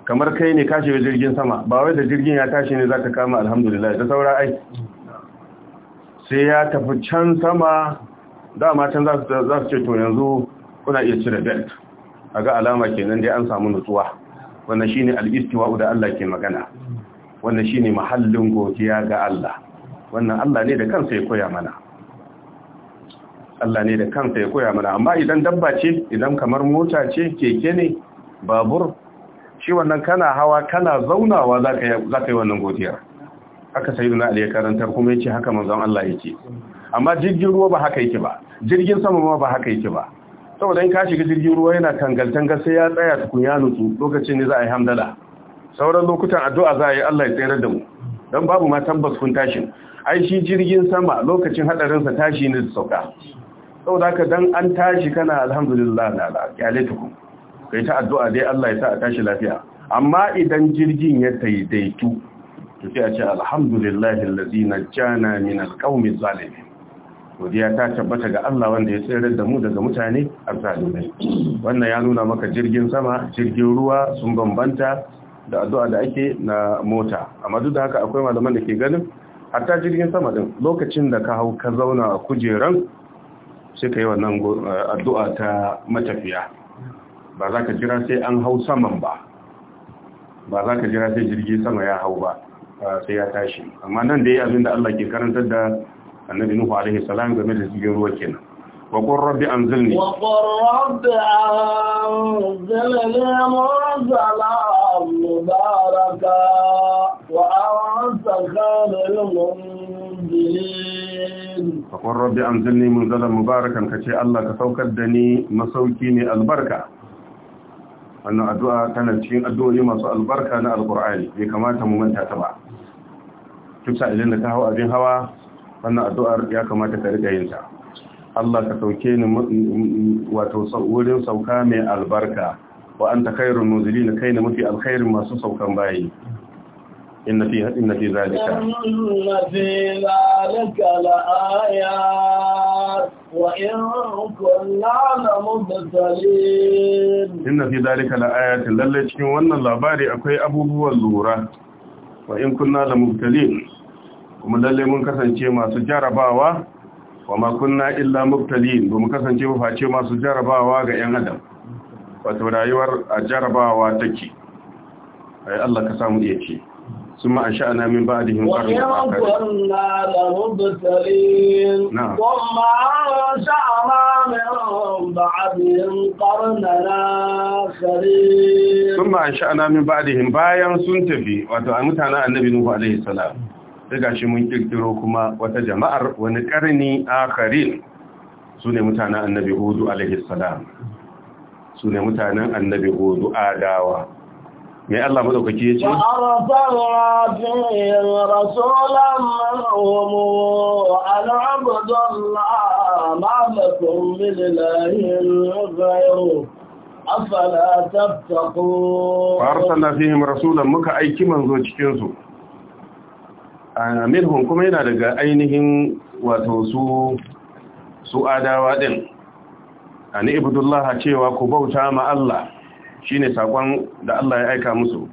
kamar kai ne ka shiga jirgin sama ba wai da jirgin ya tashi ne zaka kama alhamdulillah da saura ai sai ya tafi can sama dama can za su ce to yanzu kuna iya cire belt a ga alama kenan dai an samu nutsuwa wannan shine al-istiwa'u da Allah ke magana wannan shine mahallin godiya ga Allah wannan Allah ne da kansa ya koya mana Allah ne da kansa ya koya mana amma idan dabba ce idan kamar mota ce keke ne babur shi wannan kana hawa kana zaunawa za ka yi wannan godiyar haka sayyiduna ali ya karantar kuma ya ce haka manzon Allah yake amma jirgin ruwa ba haka yake ba jirgin sama ma ba haka yake ba saboda in ka shiga jirgin ruwa yana tangaltan tangal ya tsaya tukun ya nutsu lokacin ne za a yi hamdala sauran lokutan addu'a za a yi Allah ya tsere da mu dan babu ma tabbas kun tashin ai shi jirgin sama lokacin sa tashi ne da sauka saboda haka dan an tashi kana alhamdulillah na la Ka kai ta addu'a dai Allah ya sa a tashi lafiya amma idan jirgin ya taidaitu, to sai a ce alhamdulillahi allazi najjana min alqaumi godiya ta tabbata ga Allah wanda ya tsere da mu daga mutane azzalimai wannan ya nuna maka jirgin sama jirgin ruwa sun bambanta da addu'a da ake na mota amma duk da haka akwai malaman da ke ganin hatta jirgin sama din lokacin da ka hau ka zauna a kujeran sai ka yi wannan eh, addu'a ta matafiya ba za ka jira sai an hau saman ba ba za ka jira sai jirgin sama ya hau ba eh, sai ya tashi amma nan da ya abin da Allah ke karantar da annabi Nuhu alaihi salam game da jirgin ruwa kenan wa qur rabbi anzilni wa qur rabbi anzilni munzala mubaraka wa faƙon rabbi an zalli mun zala mubarakan ka ce Allah ka saukar da ni masauki ne albarka wannan addu'a tana cikin addu'o'i masu albarka na alƙur'ani bai kamata mu manta ta ba duk idan da ka hau abin hawa wannan addu'ar ya kamata ka riƙa yin ta Allah ka sauke ni wato wurin sauka mai albarka wa anta khairul munzilin kai ne mafi alkhairin masu saukan bayi إن في إن في ذلك إن في ذلك لآيات وإن كنا لمبتلين إن في ذلك لآيات lallai cikin wannan labari akwai abubuwan lura wa in kunna lamubtalin kuma lallai mun kasance masu jarabawa wa ma kunna illa mubtalin ba mu kasance ba face masu jarabawa ga yan adam wato rayuwar a jarabawa take ai Allah ka samu iya ثم أنشأنا من بعدهم قرنا وكنا لمبتلين ثم أنشأنا من بعدهم قرننا آخرين ثم أنشأنا من بعدهم بايان سنتفي وتعمتنا النبي نوح عليه السلام daga shi mun kirkiro kuma wata jama'ar wani karni akharin sune mutanen annabi hudu alaihi salam sune mutanen annabi adawa mai Allah madaukaki ya ce arsalna fihim rasulun ma muka aiki manzo cikin su kuma yana daga ainihin wato su su adawa din ani ibudullah cewa ku bauta ma Allah shine sakon da Allah ya aika musu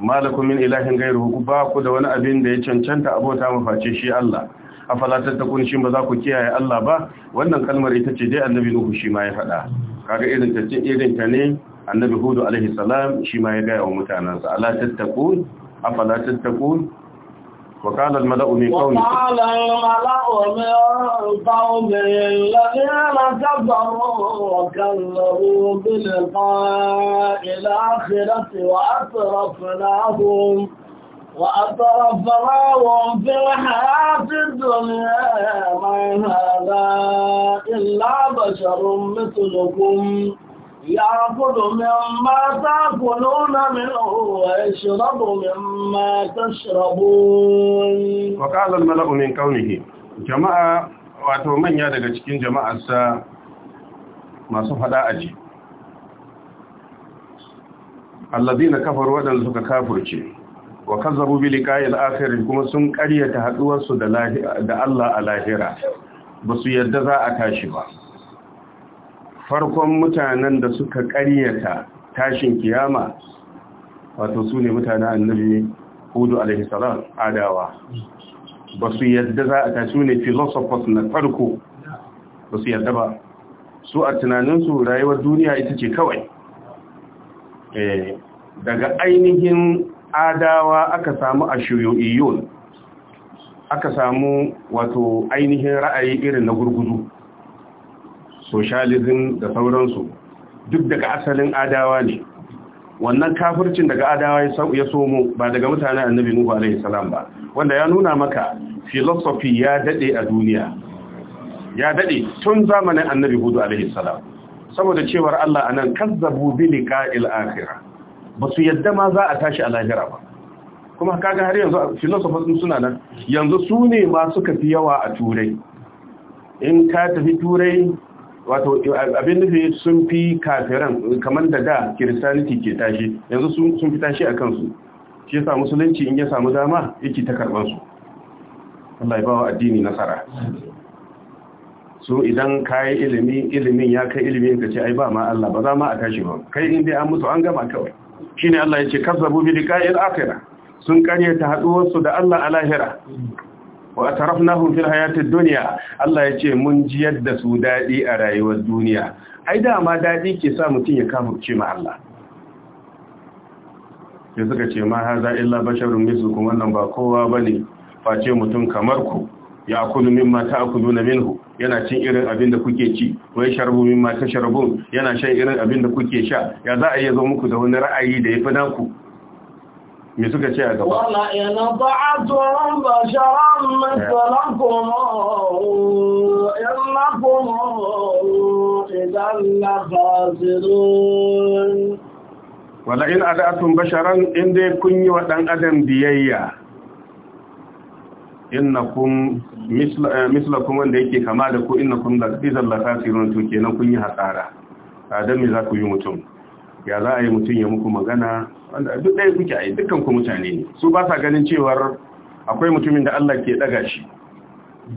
malakum min ilahin ku ba ku da wani abin da ya cancanta abota mafaci shi Allah afala tattakun shi ba za ku kiyaye Allah ba wannan kalmar ita ce dai annabi Nuhu shi ma ya faɗa kaga irin ta irin ta ne annabi Hudu alaihi salam shi ma ya gaya wa mutanansa ala tattakun afala tattakun وقال الملأ من قومه وقال الملأ من قومه الذين كفروا وكذبوا بلقاء الآخرة وأترفناهم وأترفناهم في الحياة الدنيا ما هذا إلا بشر مثلكم يأخذ مما تأكلون منه ويشرب مما تشربون وقال الملأ من قومه جماعة wato manya daga cikin jama'arsa masu fada aji na kafar waɗanda suka kafurce wa kazzabu bi liqa'il akhir kuma sun ƙaryata haɗuwarsu da Allah a lahira Ba su yarda za a tashi ba farkon mutanen da suka ƙaryata tashin kiyama wato su ne mutanen annabi hudu alaihissalam adawa ba su yadda za a tashi ne philosophers na farko ba su yadda ba su a tunaninsu rayuwar duniya ita ce kawai eh, daga ainihin adawa aka samu a shiyoyiyon aka samu wato ainihin ra'ayi irin na gurgudu socialism da sauransu duk daga asalin adawa ne wannan kafircin daga adawa ya somo ba daga mutane annabi nuhu alaihi salam ba wanda ya nuna maka philosophy ya dade a duniya ya dade tun zamanin annabi hudu alaihi salam saboda cewar Allah anan kazzabu bi liqa'il akhirah basu yadda ma za a tashi a lahira ba kuma kaga har yanzu philosophers suna nan yanzu su ne ma suka fi yawa a turai in ka tafi turai wato abin nufi sun fi kafiran kamar da da kiristaniti ke tashi yanzu sun fi tashi a kansu shi yasa musulunci in ya samu dama yake ta karban su Allah ya bawa addini nasara so idan kai ilimi ilimin ya kai ilimi ka ce ai ba ma Allah ba za ma a tashi ba kai in dai an mutu an gama kawai shine Allah ya ce kazzabu bi liqa'il akhirah sun karyata haduwar su da Allah a lahira wa atarafnahum fil hayatid dunya Allah yace mun ji yadda su dadi a rayuwar duniya ai dama dadi ke sa mutun ya kafurce ma Allah sai suka ce ma haza illa basharun mislukum wannan ba kowa bane face mutum kamar ku ya kullu mimma ta'kuluna minhu yana cin irin abin da kuke ci wai sharbu mimma sharbun? yana shan irin abin da kuke sha ya za a yi zo muku da wani ra'ayi da yafi naku me suka ce a gaba wala ina ta'atun basharan mislakum innakum idan la khasirun wala in ada'atun basharan in dai kun yi wa dan adam biyayya innakum eh, mislakum wanda yake kama da ku innakum la idan la khasirun to kenan kun yi hasara adam me za ku yi mutum ya za a yi mutum ya muku magana wanda duk ɗaya kuke a yi dukkan ku mutane ne su ba sa ganin cewar akwai mutumin da Allah ke ɗaga shi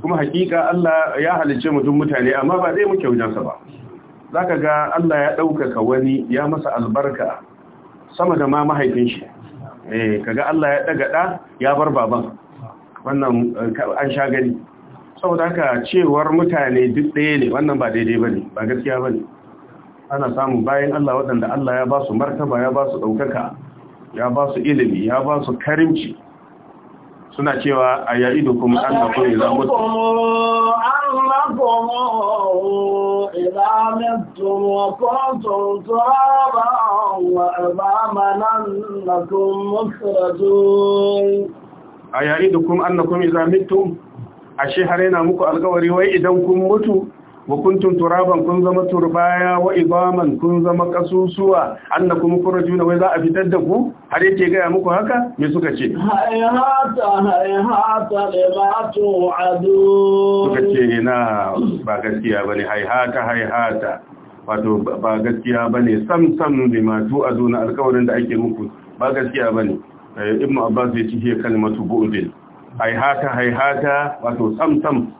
kuma hakika Allah ya halicce mutum mutane amma ba zai muke wujansa ba za ka ga Allah ya ɗaukaka wani ya masa albarka sama da ma mahaifin shi eh, ga Allah ya ɗaga ɗa ya bar baban wannan eh, an sha gani saboda haka cewar mutane duk ɗaya ne wannan ba daidai ba ne ba gaskiya ba ne ana samun bayan Allah waɗanda Allah ya ba su martaba ya ba su ɗaukaka ya ba su ilimi ya ba su karimci suna cewa a yayi da kuma an na kuma za mutu a yayi da kuma an na kuma za mutu a shi har yana muku alkawari wai idan kun mutu wa kuntum turaban kun zama turbaya wa idaman kun zama kasusuwa annakum kurajuna wai za a fitar da ku har yake ga muku haka me suka ce hayata hayata lima tu'adu suka ce ina ba gaskiya bane hayata hayata wato ba gaskiya bane sam sam lima tu'adu na alƙawarin da ake muku ba gaskiya bane eh, ibnu abbas ya ce kalmatu bu'dil hayata hayata wato sam sam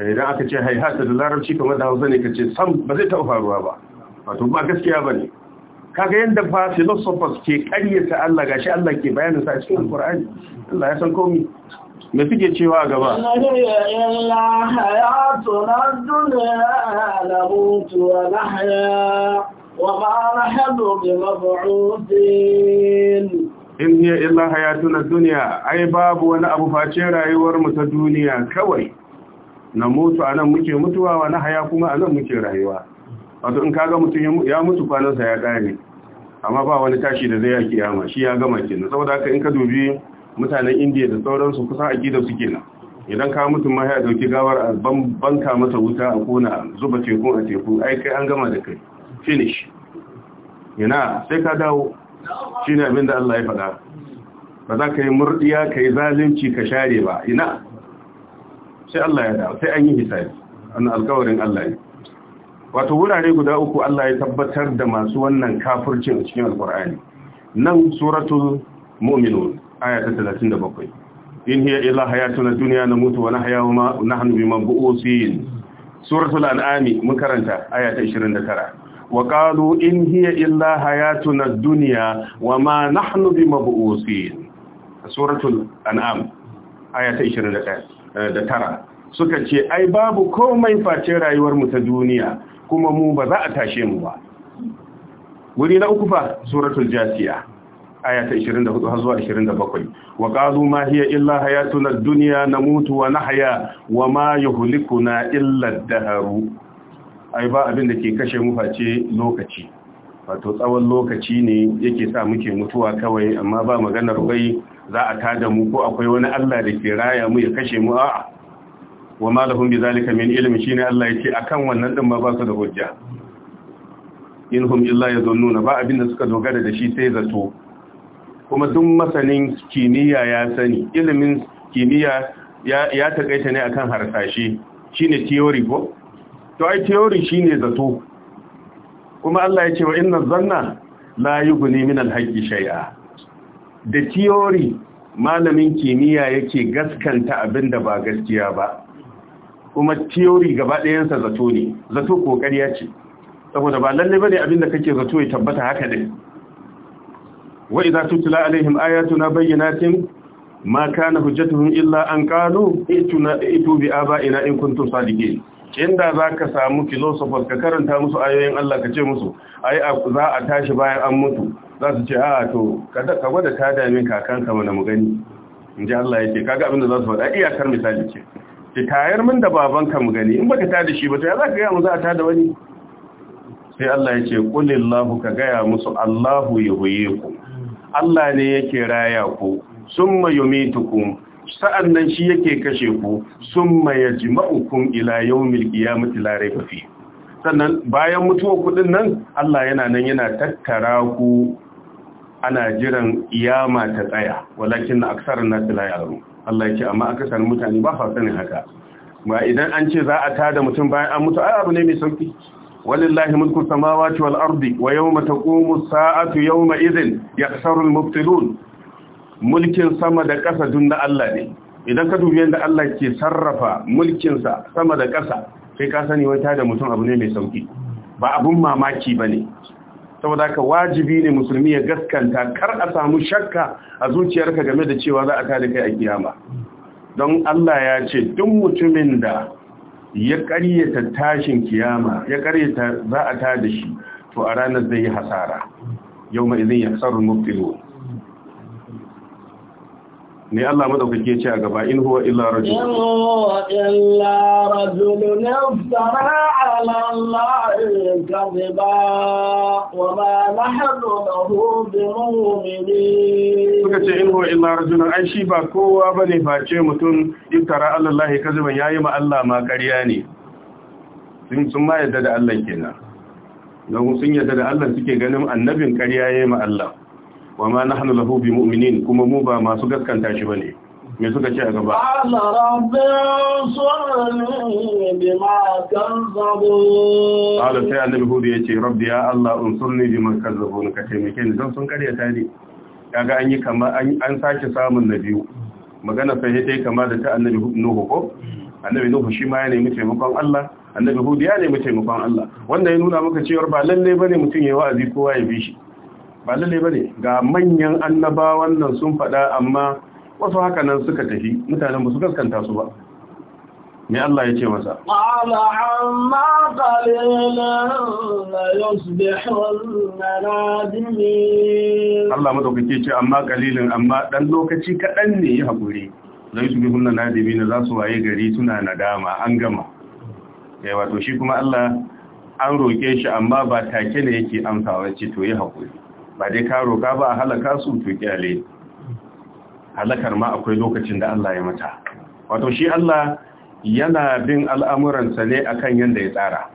idan aka ce haihata da larabci kamar da hausa ne ka ce sam ba zai taɓa faruwa ba wato ba gaskiya ba ne kaga yadda ba philosophers ke ƙaryata Allah gashi Allah ke bayanin sa a cikin Qur'ani Allah ya san komai me suke cewa gaba illa hayatuna dunya namutu wa nahya in hiya illa hayatuna duniya, ai babu wani abu face rayuwar mu ta duniya kawai na mutu a nan muke mutuwa wa na haya kuma a nan muke rayuwa wato in kaga mutum ya mutu kwanansa ya ƙare amma ba wani tashi da zai yi kiyama shi ya gama kenan saboda haka in ka dubi mutanen indiya da sauransu kusan akida su kenan idan ka mutum ma ya ɗauki gawar a banka masa wuta a kona zuba tekun a teku ai kai an gama da kai finish yana sai ka dawo shine abin da Allah ya faɗa ba za ka yi murdiya ka yi zalunci ka share ba ina sai Allah ya da sai an yi hisabi an alƙawarin Allah ne wato wurare guda uku Allah ya tabbatar da masu wannan kafircin cikin alƙur'ani nan suratul mu'minun aya ta 37 in hiya illa hayatuna dunya namutu wa nahya wa nahnu bimab'usin suratul an'ami mun karanta aya ta 29 وقالوا إن هي إلا حياتنا الدنيا وما نحن بمبعوثين سورة الأنعام آية 21 Eh, da tara suka ce ai babu komai face rayuwar mu ta duniya kuma mu ba za a tashe mu ba guri na uku fa suratul jasiya aya ta 24 har zuwa 27 wa qalu ma hiya illa hayatuna ad-dunya namutu wa nahya wa ma yuhlikuna illa ad dahr ai ba abin da ke kashe mu face lokaci wato tsawon lokaci ne yake sa muke mutuwa kawai amma ba maganar wai za a tada mu ko akwai wani Allah da ke raya mu ya kashe mu a'a wa ma lahum bi zalika min ilmi shine Allah yake akan wannan din ma ba su da hujja in hum illa yadhunnuna ba abin da suka dogara da shi sai zato kuma duk masanin kimiyya ya sani ilimin kimiyya ya ya takaita ne akan harsashi shine theory ko to ai theory shine zato kuma Allah yake wa inna zanna la yughni min al-haqqi shay'a da tiyori malamin kimiyya yake gaskanta abin da ba gaskiya ba kuma tiyori gaba ɗayansa zato ne zato ƙoƙariya ce saboda ba lalle bane abin da kake zato ya tabbata haka ne wa idza tutla alaihim ayatuna bayyinatin ma kana hujjatuhum illa an qalu ituna itu bi ina in kuntum sadiqin inda za ka samu filosofar ka karanta musu ayoyin Allah ka ce musu ai za a tashi bayan an mutu za su ce a to ka gwada ta dame kakan kama mu gani in ji Allah ya ce kaga abinda za su faɗa iyakar misali ce ki tayar min da baban ka mu gani in baka tada shi ba to ya za ka gaya mu za a tada wani sai Allah ya ce kulillahu ka gaya musu Allahu yuhyikum Allah ne yake raya ku summa yumitukum sa'annan shi yake kashe ku summa yajma'ukum ila yawmil milkiya mutu rayba fafi. sannan bayan mutuwa kudin nan Allah yana nan yana tattara ku ana jiran iyama ta tsaya walakin aksarun nasu la ya'lamu Allah yake amma sani mutane ba fa sanin haka ba idan an ce za a tada mutum bayan an mutu ai abu ne mai sauki walillahi mulku samawati wal ardi wa yawma taqumu as-sa'atu yawma idhin yakhsaru al-mubtilun mulkin sama da ƙasa dun da Allah ne idan ka dubi yadda Allah ke sarrafa mulkinsa sama da ƙasa sai ka sani wata da mutum abu ne mai sauki ba abun mamaki ba ne saboda ka wajibi ne musulmi ya gaskanta kar a samu shakka a zuciyarka game da cewa za a ta da kai a kiyama don Allah ya ce duk mutumin da ya ƙaryata tashin kiyama ya ƙaryata za a ta da shi to a ranar zai yi hasara yau mai zai yasar mubtilu ne Allah madaukake ce a gaba in huwa illa rajul in huwa illa rajul nafsara ala Allah kadiba wa ma nahnu lahu bimumin suka ce in huwa illa rajul ai shi ba kowa bane face mutum iftara ala Allah kadiba yayi ma Allah ma ƙarya ne sun sun ma yadda da Allah kenan don sun yadda da Allah suke ganin annabin ƙarya yayi ma Allah wa ma nahnu lahu mu'minin kuma mu ba masu gaskanta shi bane me suka ce a gaba Allah sai annabi hudu ya ce rabbi ya Allah unsurni bima kazzabun ka taimake ni don sun karyata ne kaga an yi kama an sake samun na biyu magana sai dai kama da ta annabi nuhu ko annabi nuhu shi ma ya nemi taimakon Allah annabi hudu ya nemi taimakon Allah wannan ya nuna maka cewa ba lalle bane mutum ya wa'azi kowa ya bi shi ba lalle bane ga manyan annaba wannan sun faɗa amma wasu haka nan suka tafi mutanen ba su gaskanta su ba mai Allah ya ce masa qala amma qalilan yusbihun Allah amma qalilin amma dan lokaci kaɗan ne ya hakuri zai su bi bihun nadimin za su waye gari suna nadama an gama yawa eh, to shi kuma Allah an roke shi amma ba take ne yake amsawa ce to ya hakuri ba dai ka roƙa ba a halaka su to kyale halakar ma akwai lokacin da Allah ya mata wato shi Allah yana bin al'amuransa ne akan yadda ya tsara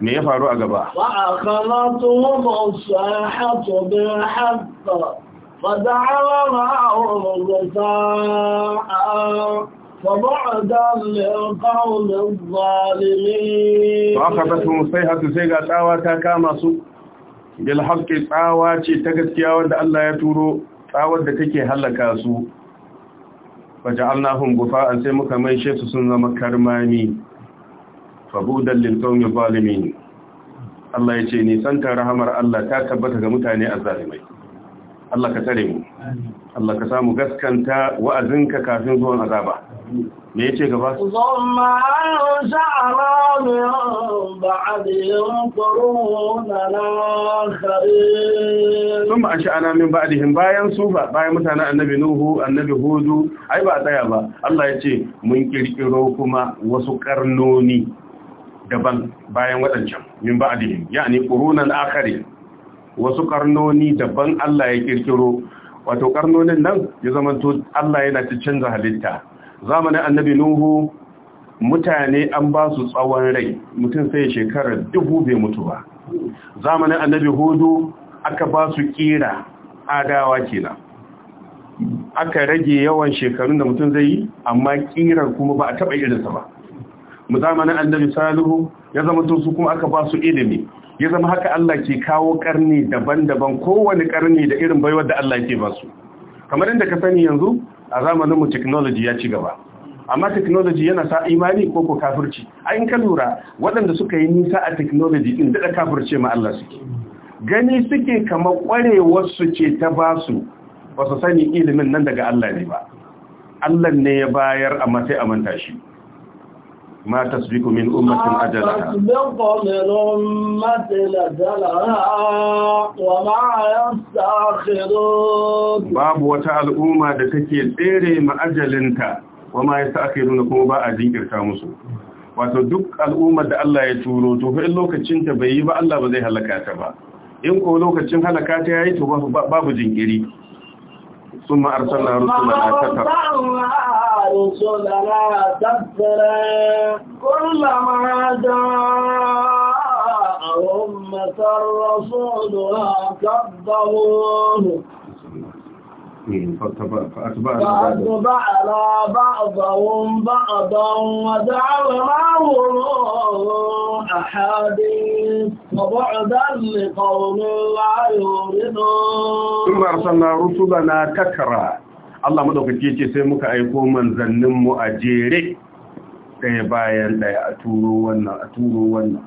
me ya faru a gaba wa akhamatuhum as-sahatu bil haqq fad'ala ma'ahum a ghasaaa وبعدا لقوم الظالمين فأخذتهم الصيحة سيغا تاواتا kama su. bil haqqi tsawa ce ta gaskiya wanda Allah ya turo tsawar da take halaka su faja'alnahum gufa'an sai muka mai su sun zama karmami fabudan lil qawmi zalimin Allah ya ce ni ta rahamar Allah ta tabbata ga mutane azzalimai Allah ka tare mu Allah ka samu gaskanta wa'azinka kafin zuwan azaba me yace gaba zamma sha'ala ba'dihim quruna akharin thumma ansha'ana min ba'dihim bayan su ba bayan mutanen annabi nuhu annabi hudu ai ba tsaya ba Allah yace mun kirkiro kuma wasu karnoni daban bayan wadancan min ba'dihim yani qurunan akharin wasu karnoni daban Allah ya kirkiro wato karnonin nan ya zama to Allah yana ta canza halitta zamanin annabi nuhu mutane an ba su tsawon rai mutum sai shekarar dubu bai mutu ba zamanin annabi hudu aka ba su kira adawa kenan aka rage yawan shekarun da mutum zai yi amma kirar kuma ba a taba irinsa ba mu zamanin annabi salihu ya zama su kuma aka ba su ilimi ya zama haka Allah ke kawo karni daban-daban kowane karni da irin baiwar da Allah ke ba su kamar inda ka sani yanzu a zamanin mu technology ya ci gaba amma technology yana sa imani ko ko kafirci a in ka lura waɗanda suka yi nisa a technology ɗin da kafirce ma Allah suke gani suke kamar kwarewar su ce ta basu ba su sani ilimin nan daga Allah ne ba Allah ne ya bayar amma sai a manta shi ما تسبق من أمة أجلها Babu wata al'umma da وما يستأخرون باب وتعال kuma ya تيري ما أجلنك وما يستأخرون كما با wato duk al'ummar da Allah ya turo to fa in lokacin ta bai yi ba Allah ba zai halaka ta ba in ko lokacin halaka ta yayi to babu jinkiri ثم أرسلنا رسلنا كثرا رسلنا كثرا كلما جاءهم مثل رسولها كذبوه فأتبع على بعضهم بعضا ودعوناهم أحاديث وبعدا لقوم لا يؤمنون ثم أرسلنا رسلنا ككرا Allah madaukaki ce sai muka aiko mu a jere ɗaya bayan ɗaya a turo wannan a turo wannan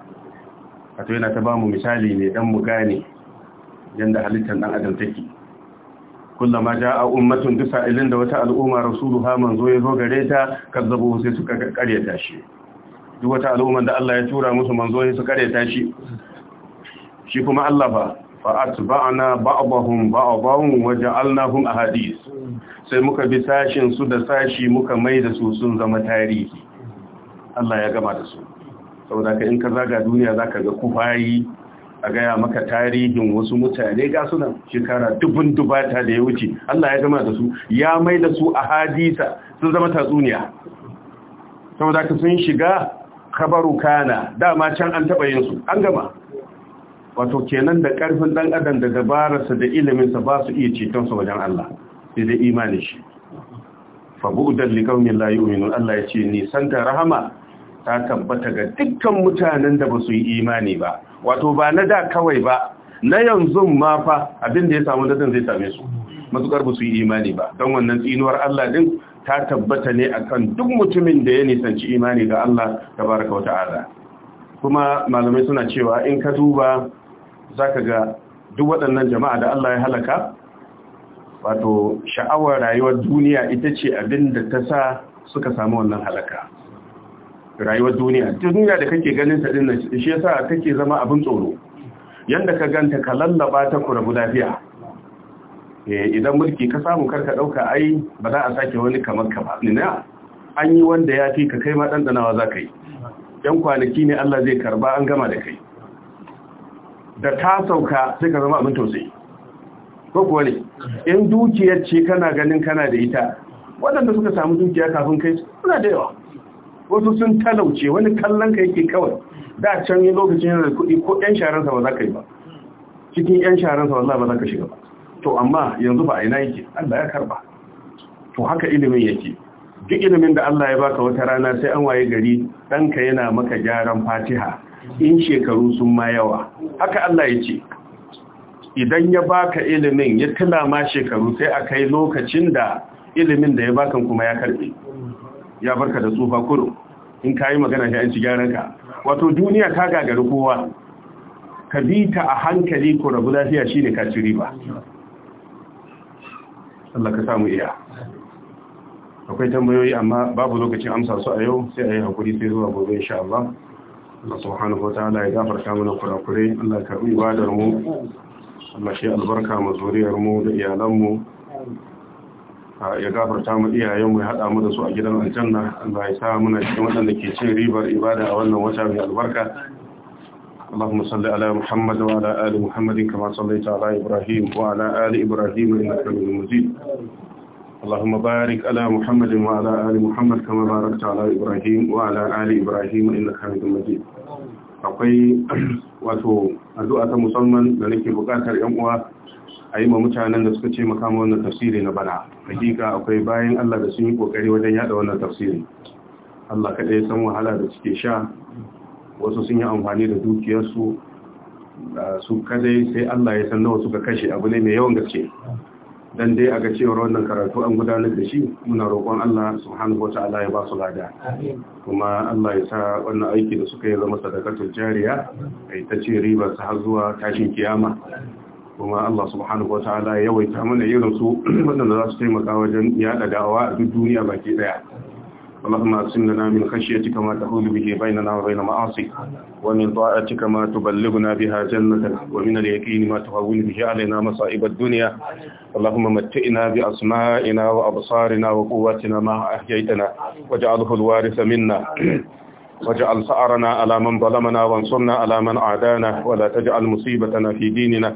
a to yana ta bamu misali ne dan mu gane da halittar ɗan adam take kullama a ummatun duk ilin da wata al'umma ha manzo ya zo gare ta kazzabu sai suka ta shi duk wata al'umma da Allah ya tura musu manzo sai suka karyata shi shi kuma Allah ba fa atba'na ba'dahum ba'dahum wa ja'alnahum ahadith sai muka bi sashin su da sashi muka mai da su sun zama tarihi Allah ya gama da su saboda ka in ka zaga duniya zaka ga kufayi a gaya maka tarihin wasu mutane ga suna shekara dubun dubata da ya wuce Allah ya zama da su ya mai da su a hadisa sun zama tatsuniya saboda ka sun shiga kabaru kana dama can an taɓa yin su an gama wato kenan da ƙarfin ɗan adam da dabararsa da iliminsa ba su iya cetonsa wajen Allah sai dai imanin shi fa bu'dan liqaumin la yu'minun Allah ya ce ni santa rahama ta tabbata ga dukkan mutanen da ba su yi imani ba wato ba na da kawai ba na yanzu ma fa abin da ya samu da zai same su matukar ba su yi imani ba don wannan tsinuwar Allah din ta tabbata ne akan duk mutumin da ya nisanci imani ga Allah ta baraka wata ala. kuma malamai suna cewa in ka duba zaka ga duk waɗannan jama'a da Allah ya halaka wato sha'awar rayuwar duniya ita ce abin da ta sa suka samu wannan halaka rayuwar duniya duniya da kake ganin ta dinnan shi yasa kake zama abin tsoro yanda ka ganta ka lallaba ta kura lafiya. lafiya eh, idan mulki ka samu karka dauka ai ba za a sake wani kamar ka ba ina an yi wanda ya fi ka kai ma dandanawa za ka yi yan kwanaki ne Allah zai karba an gama da kai da ta sauka sai ka zama abin tausayi ko kuwa ne in dukiyar ce kana ganin kana da ita waɗanda suka samu dukiya kafin kai suna da yawa wasu sun talauce wani kallon ka yake kawai da can yi lokacin yana da kuɗi ko 'yan sharansa ba za ka yi ba cikin 'yan sharansa sa ba za ka shiga ba to amma yanzu ba a ina yake Allah ya karba to haka ilimin yake duk ilimin da Allah ya baka wata rana sai an waye gari ɗanka yana maka gyaran fatiha in shekaru sun ma yawa haka Allah ya ce idan ya baka ilimin ya tila ma shekaru sai a kai lokacin da ilimin da ya bakan kuma ya karbe ya barka da tsufa kuro in ka yi magana shi an ci ka wato duniya ta gagari kowa ka bi ta a hankali ko rabu lafiya shi ne ka ci riba Allah ka samu iya akwai tambayoyi amma babu lokacin amsa su a yau sai a yi hakuri sai zuwa gobe insha Allah Allah subhanahu wataala ya gafarta mana kurakurai Allah ka ibadar mu Allah shi albarka mu zuriyar mu da iyalan mu ya gafarta mu iyayenmu ya hada mu da su a gidan aljanna Allah ya sa muna cikin wadanda ke cin ribar ibada a wannan wata mai albarka Allahumma salli ala Muhammad wa ala ali Muhammad kama sallaita ala Ibrahim wa ala ali Ibrahim innaka Hamidum Majid Allahumma barik ala Muhammad wa ala ali Muhammad kama barakta ala Ibrahim wa ala ali Ibrahim innaka Hamidum Majid akwai wato addu'a ta musamman da nake bukatar ƴan uwa a yi ma mutanen da suka ce makama wannan tafsiri na bana hakika akwai bayan Allah da sun yi kokari wajen yada wannan tafsiri Allah kaɗai san wahala da suke sha wasu sun yi amfani da dukiyarsu su kadai sai Allah ya san nawa suka kashe abu ne mai yawan gaske dan dai aga cewa wannan karatu an gudanar da shi muna roƙon Allah subhanahu wata'ala ya ba su lada kuma Allah ya sa wannan aiki da suka yi zama sadakatul jariya ai ta ce riba su har zuwa tashin kiyama kuma Allah subhanahu wa ta'ala ya yawaita mana irin su waɗanda za su taimaka wajen yaɗa da'awa a duk duniya baki اللهم اقسم لنا من خشيتك ما تحول به بيننا وبين معاصيك ومن طاعتك ما تبلغنا بها جنتك ومن اليقين ما تهون به علينا مصائب الدنيا اللهم متئنا بأسمائنا وأبصارنا وقواتنا ما أحييتنا واجعله الوارث منا واجعل سعرنا على من ظلمنا وانصرنا على من عادانا ولا تجعل مصيبتنا في ديننا